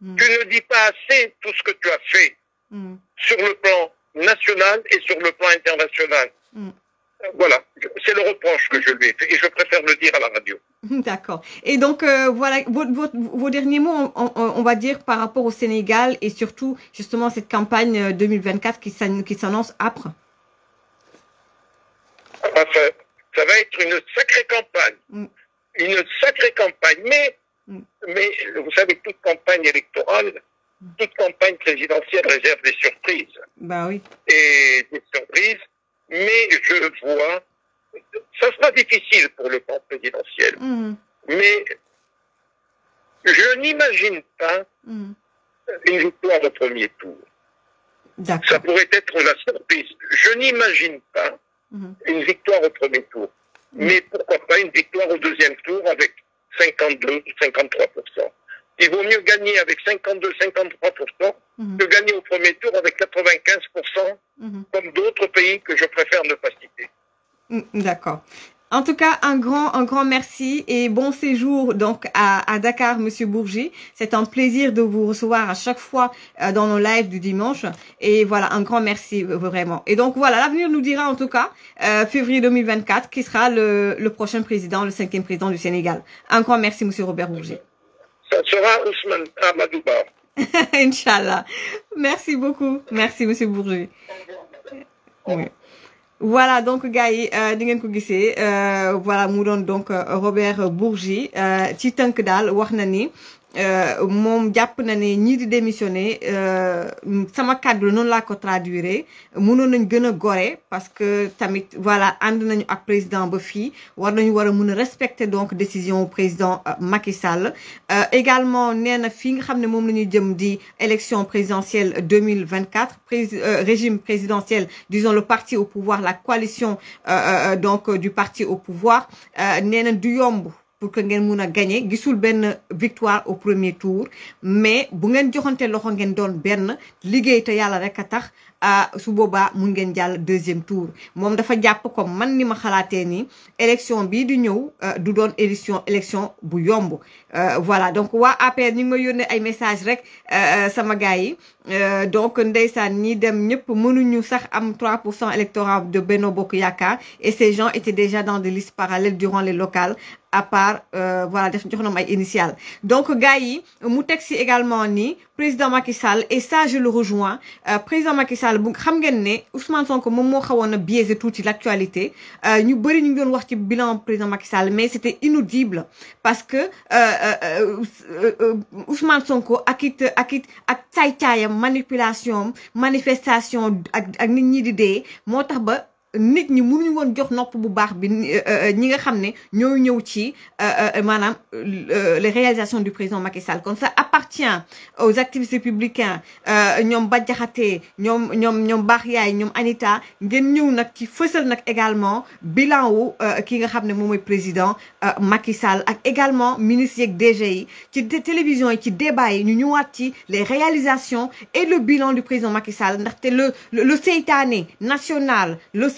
Hmm. Tu ne dis pas assez tout ce que tu as fait hmm. sur le plan national et sur le plan international. Hmm. Euh, voilà, c'est le reproche que je lui ai fait et je préfère le dire à la radio. D'accord. Et donc, euh, voilà, vos, derniers mots, on, va dire, par rapport au Sénégal et surtout, justement, cette campagne 2024 euh, qui s'annonce âpre ça, ça, va être une sacrée campagne. Une sacrée campagne, mais Mm. Mais vous savez, toute campagne électorale, mm. toute campagne présidentielle réserve des surprises. Bah oui. Et des surprises, mais je vois, ça sera difficile pour le camp présidentiel, mm. mais je n'imagine pas une victoire au premier tour. Ça pourrait être la surprise. Je n'imagine pas une victoire au premier tour, mais pourquoi pas une victoire au deuxième tour avec 52 53 Il vaut mieux gagner avec 52 53 mhm. que gagner au premier tour avec 95 mhm. comme d'autres pays que je préfère ne pas citer. Mm, d'accord. En tout cas, un grand, un grand merci et bon séjour donc à, Dakar, Monsieur Bourget. C'est un plaisir de vous recevoir à chaque fois euh, dans nos lives du dimanche. Et voilà, un grand merci euh, vraiment. Et donc voilà, l'avenir nous dira en tout cas euh, février 2024 qui sera le, prochain président, le cinquième président du Sénégal. Un grand merci, Monsieur Robert Bourget. Ça sera Ousmane Inch'Allah. Merci beaucoup. Merci, Monsieur Bourget voilà donc gars yi di euh, euh, voilà mu donc euh, Robert Bourgi ci Titan Kedal, wax euh, mon jàpp na ne de di démissionné euh, sama cadre non la ko traduire mënoon nañ ne a gore parce que tamit voilà and nañu ak président ba fii war nañu wara mëna respecter donc décision président euh, Macky Sall. également néna fi nga xamné ne lañu jëm di élection présidentielle 2024 régime présidentiel disons le parti au pouvoir la coalition donc du parti au pouvoir nee na du yomb pour que ngeen mun a gagné gisul Ben victoire au premier tour mais bu ngeen joxante loxo ngeen doon ben liggéey te yalla rek tax à Suboba, mun ngeen deuxième tour mom dafa japp comme man ni ma ni élection bi di ñew euh, du doon élection élection bu yomb euh, voilà donc wa APR ñu ngi ma ay message rek euh, sama Donc, yi donc dit ni dem ñëpp mënuñu sax am 3 électoral électorat de Beno Bokk et ces gens étaient déjà dans des listes parallèles durant les locales à part voilà def jox na initiales donc Gaï, yi mu également ni président Macky Sall et ça je le rejoins euh, président Macky Sall bu xam ngeen Ousmane Sonko mom mo xawoon a biaisé l'actualité l' euh, actualité ñu nous ñu ngi doon wax ci bilan président Macky Sall mais c'était inaudible parce que euh, Ousmane Sonko akit akit ak tay tayam manipulation manifestation ak ak nit ñi di dé motax ba nit ñi won euh, euh, euh, les réalisations du président Macky Sall Comme ça appartient aux activistes républicains ñom Nyom ñom ñom ñom Nyom Anita ngeen ñëw Nak ci également bilan wu ki nga président Macky Sall ak également ministres yeeg DG ci télévision ci débat les réalisations et le bilan du président Macky Sall le le national le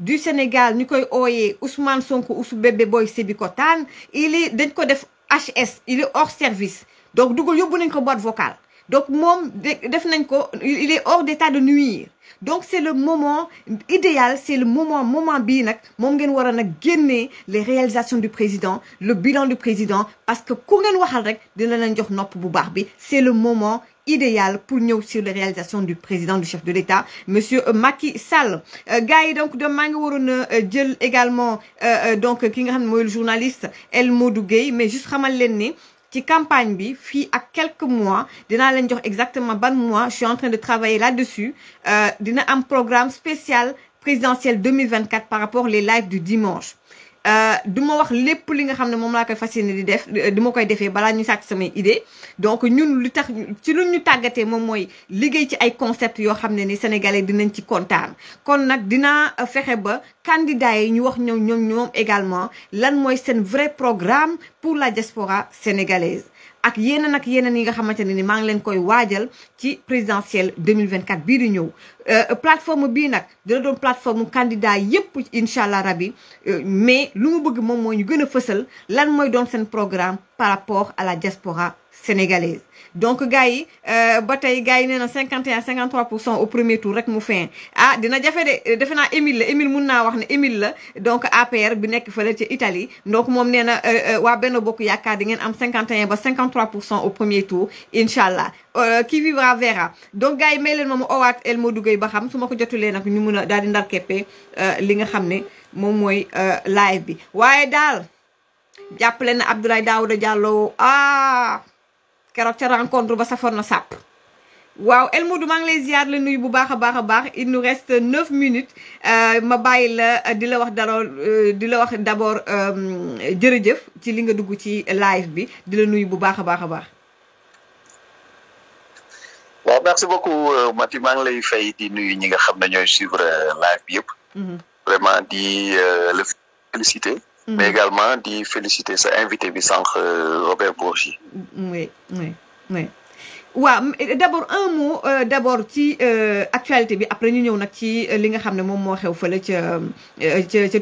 du Sénégal ni koy ooyee Ousmane Sonko Ousou Bébé Boy Sébikotane il est dañ ko def HS il est hors service donc dugal yobou nañ ko boîte vocale donc mom def nañ ko il est hors d'état de nuire donc c'est le moment idéal c'est le moment moment bi nak mom ngeen wara a les réalisations du président le bilan du président parce que ku ngeen waxal rek dina leen jox nopp bu baax bi c'est le moment idéal pour nous sur les réalisations du président du chef de l'État monsieur Macky Sall euh, Guy, donc de maa euh, également euh, donc qui nga le journaliste El Modou mais juste xamal qui ni campagne bi à quelques mois Dina pas jox exactement ban mois je suis en train de travailler là-dessus dina un programme spécial présidentiel 2024 par rapport les lives du dimanche euh, du ma wax lépp li nga xam ne moom laa koy fas di def euh, di ma koy defee balaa ñu sàcc samay idée donc ñun lu tax ci lu ñu tàggatee moom mooy liggéey ci ay concept yoo xam ne ni sénégalais dinañ ci kontaan kon nag dinaa euh, fexe ba candidat yi ñu wax ñoom ñoom ñoom également lan mooy seen vrai programme pour la diaspora sénégalaise ak yeneen ak yeneen yi nga xamante ne ni maa ngi leen koy waajal ci présidentielle 2024 bii di ñëw euh, plateforme bii nag dina doon plateforme candidat yépp incha allah rabi euh, mais lu mu bëgg moom mooy ñu gën a fësal lan mooy doon seen programme par rapport à la diaspora sénégalaise donc gay, bataille euh, ba 51 53 au premier tour rek mou fin ah dina jafe de fait naa Émile la Émile Emile, wax donc APR bi nekk Italie donc moom nee na euh, euh, wabeno benn bokk yaakaar di am 51 ba 53 au premier tour Inshallah, qui vivra verra donc gay, mail may leen el moo duggay ba xam su ma ko jotulee nag ñu mun a di ndar li live bi waaye dal, Abdoulaye Daouda Diallo ah keroog ca rencontre ba safoon na sàpp waaw El Modou maa lay ziar le nuyu bu baax a baax il nous reste 9 minutes euh ma bàyyi la euh, di wax daro euh, dila wax d'abord euh jërëjëf ci li nga dugg ci live bi dila nuyu bu baax a baax a waaw merci beaucoup euh, Mati maa ngi lay fay di nuyu ñi nga xam ne ñooy suivre live bi yëpp. Mm-hmm. vraiment di la féliciter. Mm. mais également de féliciter sa invité bi centre, euh, Robert Bourgi. Mm, oui oui oui. ouais d'abord un mot euh, d'abord ci euh, actualité bi après ñu ñëw nak ci li nga xamné mom mo xew feulé ci ci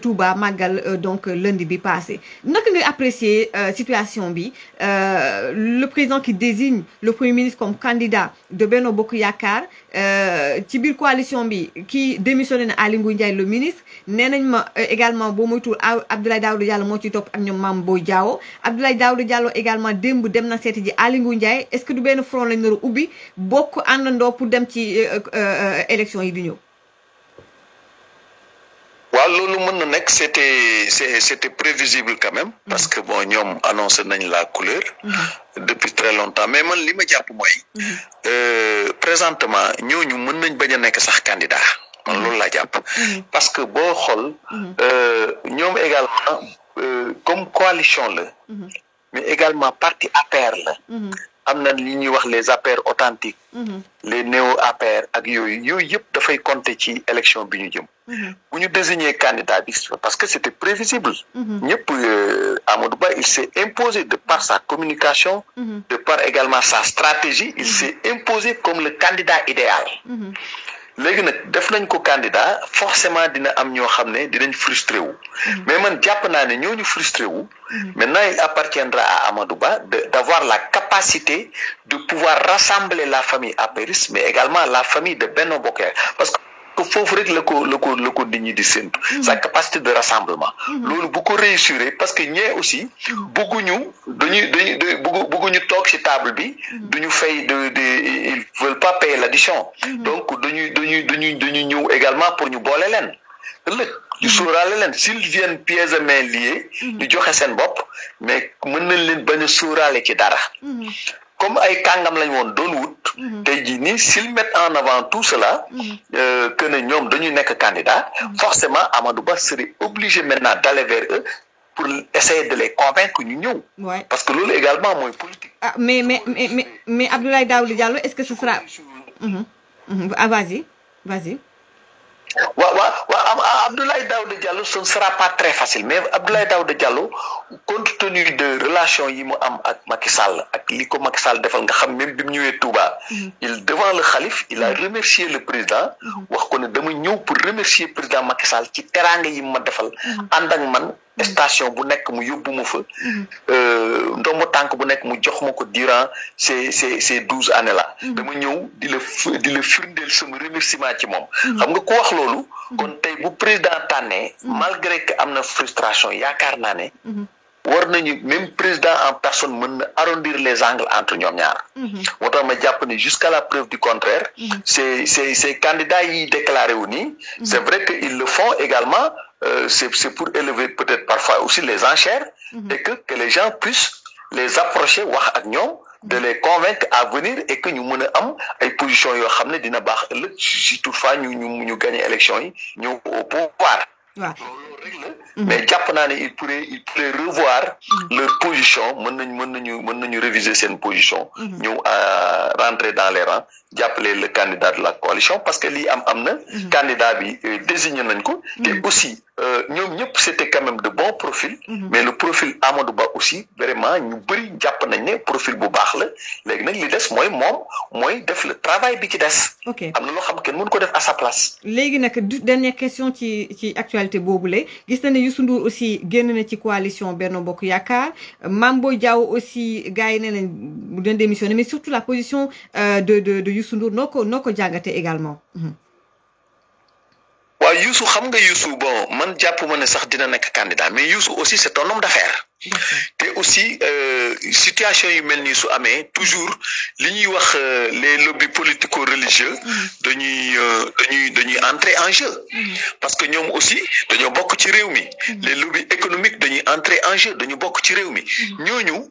donc lundi bi passé avons apprécié la situation bi le président qui désigne le premier ministre comme candidat de Benoît Bokk Euh, ci biir coalition bi kii démissionné na Aly Ngouille Ndiaye le ministre nee nañ ma euh, également boo moytuwul Abdoulaye Daouda Diallo moo ciy topp ak ñoom Mame Boye Diao Abdoulaye Daouda Diallo également démb dem na seeti ji Aly Ngouille Ndiaye est-ce que du benn front lañ nar a ubbi bokk àndandoo pour dem ci euh, élection yi di ñëw. c'était c'était prévisible quand même mm-hmm. parce que bon avons annoncé la couleur mm-hmm. depuis très longtemps mais man li ma mm-hmm. euh, présentement nous mën nañ pas nek sax candidat parce que nous euh également euh, comme coalition mais également parti à terre, amna les APR authentiques mhm. les néo APR ak yooyu yooyu yëpp dafay compter ci élection bi ñu jëm mhm. bu désigner candidat parce que c'était prévisible mhm. ñëpp euh, Amadou Ba il s'est imposé de par sa communication de par également sa stratégie il s'est imposé comme le candidat idéal léegi nag def nañ ko candidat forcément dina am ñoo xam dinañ frustré wu. Mm-hmm. mais man jàpp naa ne ñooñu frustré wu. Mm-hmm. maintenant il appartiendra à Amadou Ba d'avoir la capacité de pouvoir rassembler la famille Apéris mais également la famille de Benno Boké. Parce que que foofu rek la ko la ko la ko nit ñi di séntu. Mhm. sa capacité de rassemblement. Mhm. loolu bu ko réussir parce que ñee aussi. Mhm. bëgguñu duñu dañuy bëgguñu tok ci table bi. duñu fay de de ils veulent pas payer l'addition. donc duñu duñu duñu dañuy ñëw également pour ñu bolé leen le di sóoraale leen s'ils viennent pieds et mains liés. ñu joxe seen bopp mais mën nañ leen bañ a sóoraale ci dara comme ay kangam lañ won doon wut. Mhm. s'ils mettent en avant tout cela. Mhm. Euh, que ne ñom donné nekk candidat. Mhm. forcément Amadou serait obligé maintenant d'aller vers eux pour essayer de les convaincre ñu parce que lolu également moy politique. Ah, mais mais mais mais Abdoulaye dawli Diallo est-ce que ce sera. ah vas-y vas-y wa wa Abdoulaye Daoud Diallo ce ne sera pas très facile mais Abdoulaye Daoud Diallo compte tenu de relation yi mu am ak Macky Sall ak li ko Sall defal mhm. il devant le khalif il a mhm. remercié le président. Mhm. wax ko ne dama pour remercier président Macky Sall ci teraanga yi ma defal. and ak man station bu nek mu yobuma mhm. euh tank bu vous mu jox durant ces ces ces douze années là. Mhm. dama sama remerciement ci mhm. xam nga wax kon président malgré que frustration war nañu même président en personne mën arrondir les angles entre ñaar. Vous ma jusqu'à la preuve du contraire. ces ces ces candidats yi déclaré c'est vrai que ils le font également. Euh, c'est c'est pour élever peut-être parfois aussi les enchères mhm. et que, que les gens puissent les approcher wax ak de les convaincre à venir et que nous mën une position ay positions yoo xam dina baax si toutefois nous ñu ñu gagné élection yi ñeu au pouvoir. Mhm. mais japp il pourrait il pourrait revoir. Mhm. leur position mën nañu mën nañu position. nous à rentrer dans les rangs appeler le candidat de la coalition parce que li am amna candidat euh, désigné nañ ko. aussi. Euh, ñoom ñëpp c'était quand même de bons profils. Mhm. mais le profil Amadou Ba aussi vraiment ñu bëri jàpp nañ ne profil bu baax la léegi nag li des mooy moom mooy def le travail bi ci des. ok am na loo xam kenn mënu ko def à sa place. léegi nag du dernière question ci ci actualité boobule gis na ne Youssou Ndour aussi génn na ci coalition Benno Bokk Yaakaar Mambo Diaw aussi gars yi démission, bu démissionné mais surtout la position euh, de de de Youssou Ndour noo ko noo ko également. Mhm. waaye Youssou xam nga Youssou bon man jàpp ma ne sax dina nekk candidat mais Youssou aussi c'est un homme d'affaires et aussi euh, situation humaine nous amène toujours wax euh, les lobbies politico religieux mhm. dañuy euh, dañuy dañuy entrer en jeu mhm. parce que nous aussi avons beaucoup ci réew mi mhm. les lobbies économiques dañuy entrer en jeu dañu tirer ci réew mi nous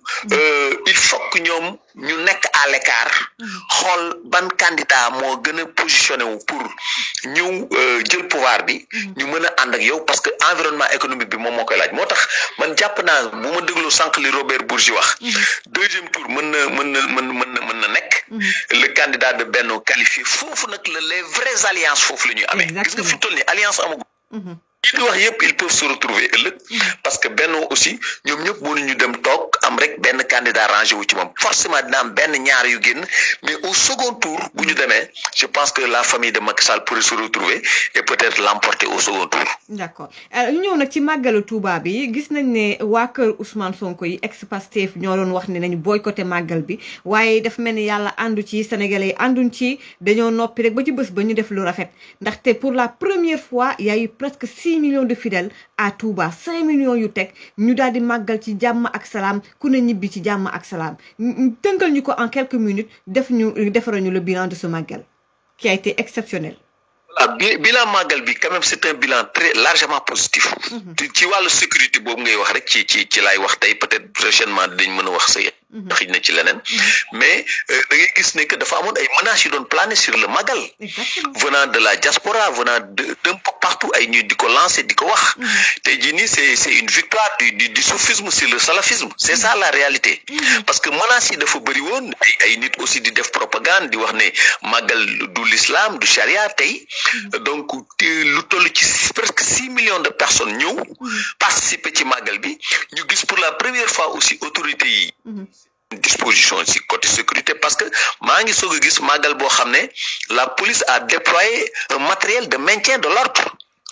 il faut que nous nous nekk à l'écart xool ban candidat moo gën positionné wu pour dire jël pouvoir nous ñu à a parce que environnement économique est un moment laaj je man bu ma dégloo sànq li Robert Bourgi wax. Mhm. deuxième tour mën na mën na mën mën na mën na mhm. le candidat de Beno qualifié fofu nak le les vraies alliances fofu la ñuy quest gis nga fi mu alliance amagul. Mhm il wax ils peuvent se retrouver parce que aussi dem am rek candidat rangé wu ci forcément dina mais au second tour je pense que la famille de Macky pourrait se retrouver et peut-être l'emporter au second tour. d'accord nous euh, ñëw nag ci Touba bi gis nañ ne Ousmane Sonko yi ex ñoo wax boycotté bi ci sénégalais yi ci dañoo rek ba ci pour la première fois y a eu presque six millions de fidèles à Touba 5 millions yu tek ñu daldi di ci jamm ak salam ku ne ñibbi ci jamm ak salam en quelques minutes def ñu le bilan de ce magal qui a été exceptionnel. Le bilan magal, bi quand même c'est un bilan très largement positif. Mhm. ci wal sécurité bobu ngay wax rek ci ci lay wax tay peut-être prochainement dinañ mëna wax sa Mhm. ci leneen mhm. mais euh, da ngay gis ne que dafa amoon ay menaces yu doon planer sur le magal venant de la diaspora venant de partout ay ñuy di ko lancé di ko wax mhm. tey jii c'est c'est une victoire du soufisme sur le salafisme c'est ça la réalité parce que menaces yi dafa bëri woon ay ay nit aussi di def propagande di wax ne magal du l'islam du charia tey donc lu toll ci presque 6 millions de personnes ñëw participer ci magal bi ñu gis pour la première fois aussi autorité yi disposition aussi côté sécurité parce que la police a déployé un matériel de maintien de l'ordre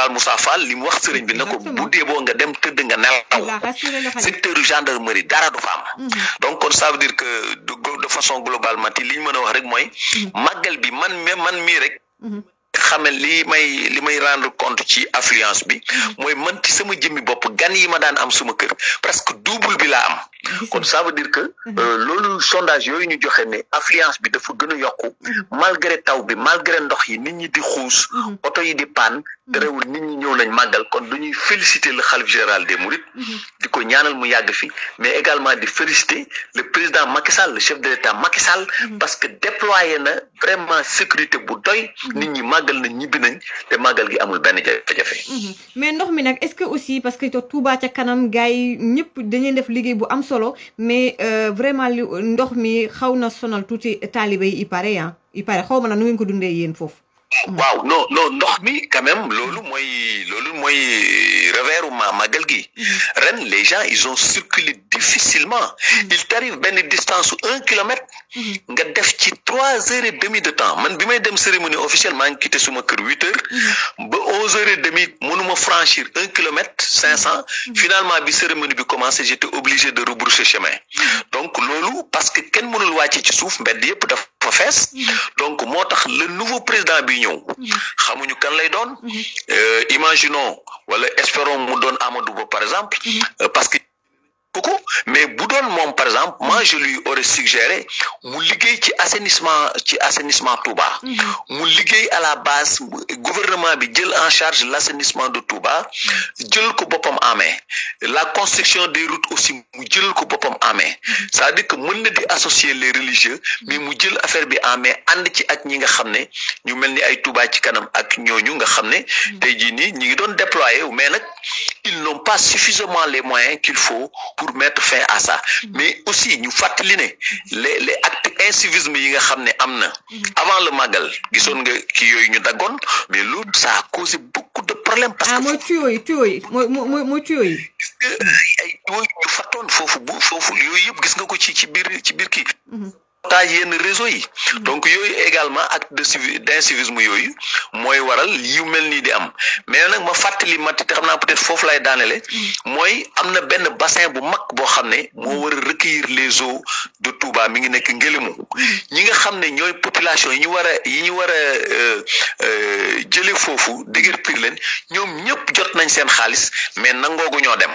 général Moussa Fall li mu wax sëriñ bi na ko bu dee nga dem tëdd nga nelaw secteur gendarmerie dara du fa mhm. donc kon ça veut dire que de façon globalement ti li ñu mën a wax rek mooy mhm. màggal bi man même man mii rek mhm. xamal li may li may rendre compte ci affluence bi mooy man ci sama jëmmi bopp gan yi ma daan am suma kër presque double bi laa am kon ça veut dire que mhm. euh, loolu sondage yooyu ñu joxe ne affluence bi dafa gën a yokku mhm. malgré taw bi malgré ndox yi nit ñi di xuus mhm. oto yi di paan terewul nit ñi ñëw nañ màggal kon dañuy féliciter le khalife général des mourides di ko ñaanal mu yàgg fi mais également di féliciter le président Macky Sall le chef de l'État Macky Sall parce que déployé na vraiment sécurité bu doy nit màggal nañ ñibbi te màggal gi amul benn jafe mhm. mais ndox mi nag est-ce que aussi parce que Touba ca kanam gars yi ñëpp dañuy def liggéey bu am solo mais euh, vraiment li ndox mi xaw na sonal tuuti taalibe yi i pare ya i pare xaw ma na nu ngeen ko dundee yéen foofu. Oh, waaw non non ndox mi quand même loolu mooy loolu mooy revers ma magal gi mm-hmm. ren les gens ils ont circulé difficilement arrivent mm-hmm. t'arrive benn distance un kilomètre mm-hmm. nga def ci trois heures et demie de temps man bi may dem cérémonie officielle maa ngi quitté suma kër huit heures ba onze heures et demie mënuma franchir un kilomètre cinq cent finalement bi cérémonie bi commencé j'étais obligé de rebrousser chemin donc loolu parce que kenn mënul wàcce ci suuf mbedd yëpp daf dafa mhm. donc le nouveau président bi mhm. xamuñu kan mhm. euh, imaginons wala espérons mu doon Amadou Ba par exemple euh, parce que beaucoup mais bu doon par exemple moi je lui aurais suggéré mu liguey ci assainissement ci assainissement Touba mhm. mu liguey à la base gouvernement bi jël en charge l'assainissement de Touba mhm. jël ko bopam amé la construction des routes aussi mu jël ko bopam amé mhm. c'est-à-dire que mën na di associer les religieux mais mu jël affaire bi en main de ci ak ñi nga xamné ñu melni ay Touba ci kanam ak ñoñu nga xamné ne tey ñi ngi déployer mais nak ils n'ont pas suffisamment les moyens qu'il faut pour mettre fin à ça mm-hmm. mais aussi ñu fàttali ne mm-hmm. le les actes incivisme yi nga xam ne am na mm-hmm. avant le magal gisoon nga kii yooyu ñu daggoon mais loolu ça a causé beaucoup de problèmes parce ah, que mooy tuyau yi tuyau yi mooy mooy mooy ay yooyu ñu fàttoon foofu bu foofu yooyu yëpp gis nga ko ci ci biir ci biir kii taa yenn réseau yi hmm. donc yooyu également ak de civi d'incivisme yooyu mooy waral yu mel nii di am mais nag ma fàttali matti te xam na peut-être foofu lay daanele hmm. mooy am na benn bassin bu mag boo xam ne moo hmm. war a yir les eaux de Touba mi ngi nekk ngelimu ñi nga xam ne ñooy population yi ñu war a yi ñu war a euh, euh, jële foofu dëgër piir leen ñoom ñëpp jot nañ seen xaalis mais nangoogu ñoo dem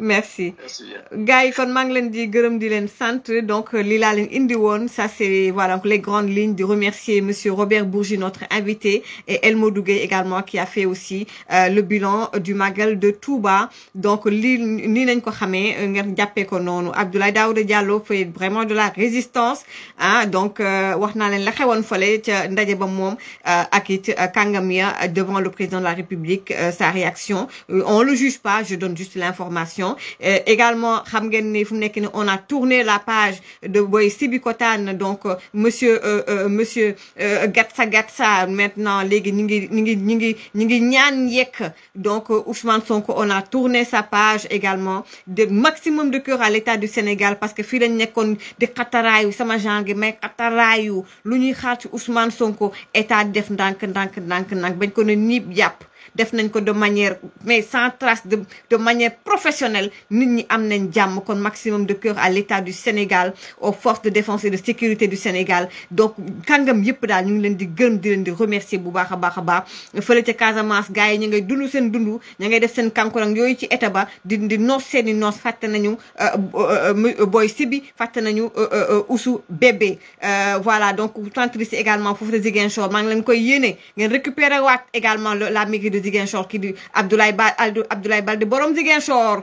merci gars kon di di sant donc euh, Lila Ling indi ça c'est voilà donc les grandes lignes de remercier monsieur Robert Bourgi notre invité et Elmo Dougué également qui a fait aussi euh, le bilan du Magal de Touba donc lii nii ko xamee ko Abdoulaye Daouda Diallo fait vraiment de la résistance hein, donc euh, wax naa la xewoon fale ca ndaje ba mom, ak devant le président de la République sa réaction on le juge pas je donne juste l'information émission euh, également xam ni ni on a tourné la page de Boy Sébikotane donc euh, monsieur euh, monsieur Gatsa Gatsa maintenant léegi ñu ngi ngi ngi ngi ñaan donc Ousmane Sonko on a tourné sa page également de maximum de cœur à l'état du Sénégal parce que fii lañ nekkoon di xataraayu sama genre mais may xataraayu ci Ousmane Sonko état def ndànk ndànk ndànk ndànk bañ ko ne niib jàpp def nañ ko de manière mais sans trace de de manière professionnelle nous nit ñi maximum de cœur à l'état du Sénégal aux forces de défense et de sécurité du Sénégal donc quand ñu ngi leen di remercier bu a Casamance seen Boy Sibi nañu euh, euh, euh, Bébé voilà donc centriste également de Ziguinchor mang koy récupérer également la mairie de Ziguinchor qui Abdoulaye Abdoulaye borom Ziguinchor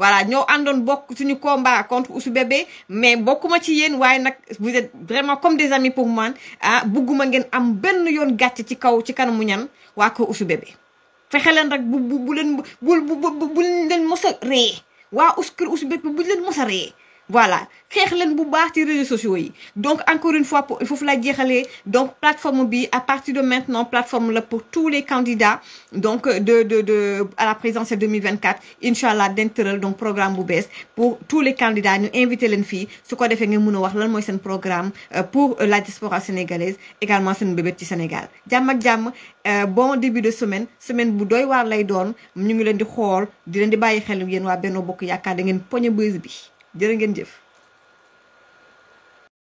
voilà ñoo àndoon bokk suñu combat contre Oussou Bébé mais bokkuma ci yéen waaye nag vous êtes vraiment comme des amis pour man ah bugguma ngeen am benn yoon gàcce ci kaw ci kanamu ñan waa ko Oussou Bébé fexe leen rek bu bu bu leen bu bu bu leen mos ree waa us kër Oussou Bébé bu leen mos ree voilà xeex bu baax ci réseaux sociaux yi donc encore une fois fofu la jeexalee donc plateforme bi à partir de maintenant plateforme la pour tous les candidats donc de de de à la présidentielle 2024 Inch'Allah, d'entrer donc programme bu bees pour tous les candidats Nous inviter leen fi su ko defee ngeen mën voir, wax lan moy sen programme euh, pour euh, la diaspora sénégalaise également sen bébé ci Sénégal jàmm ak euh, bon début de semaine semaine bu doy war lay doon ñu ngi leen di xool di leen di bayyi xel yeen wa Benno Bokk Yaakaar da ngeen poñe bés bi. jërë ngeen jëf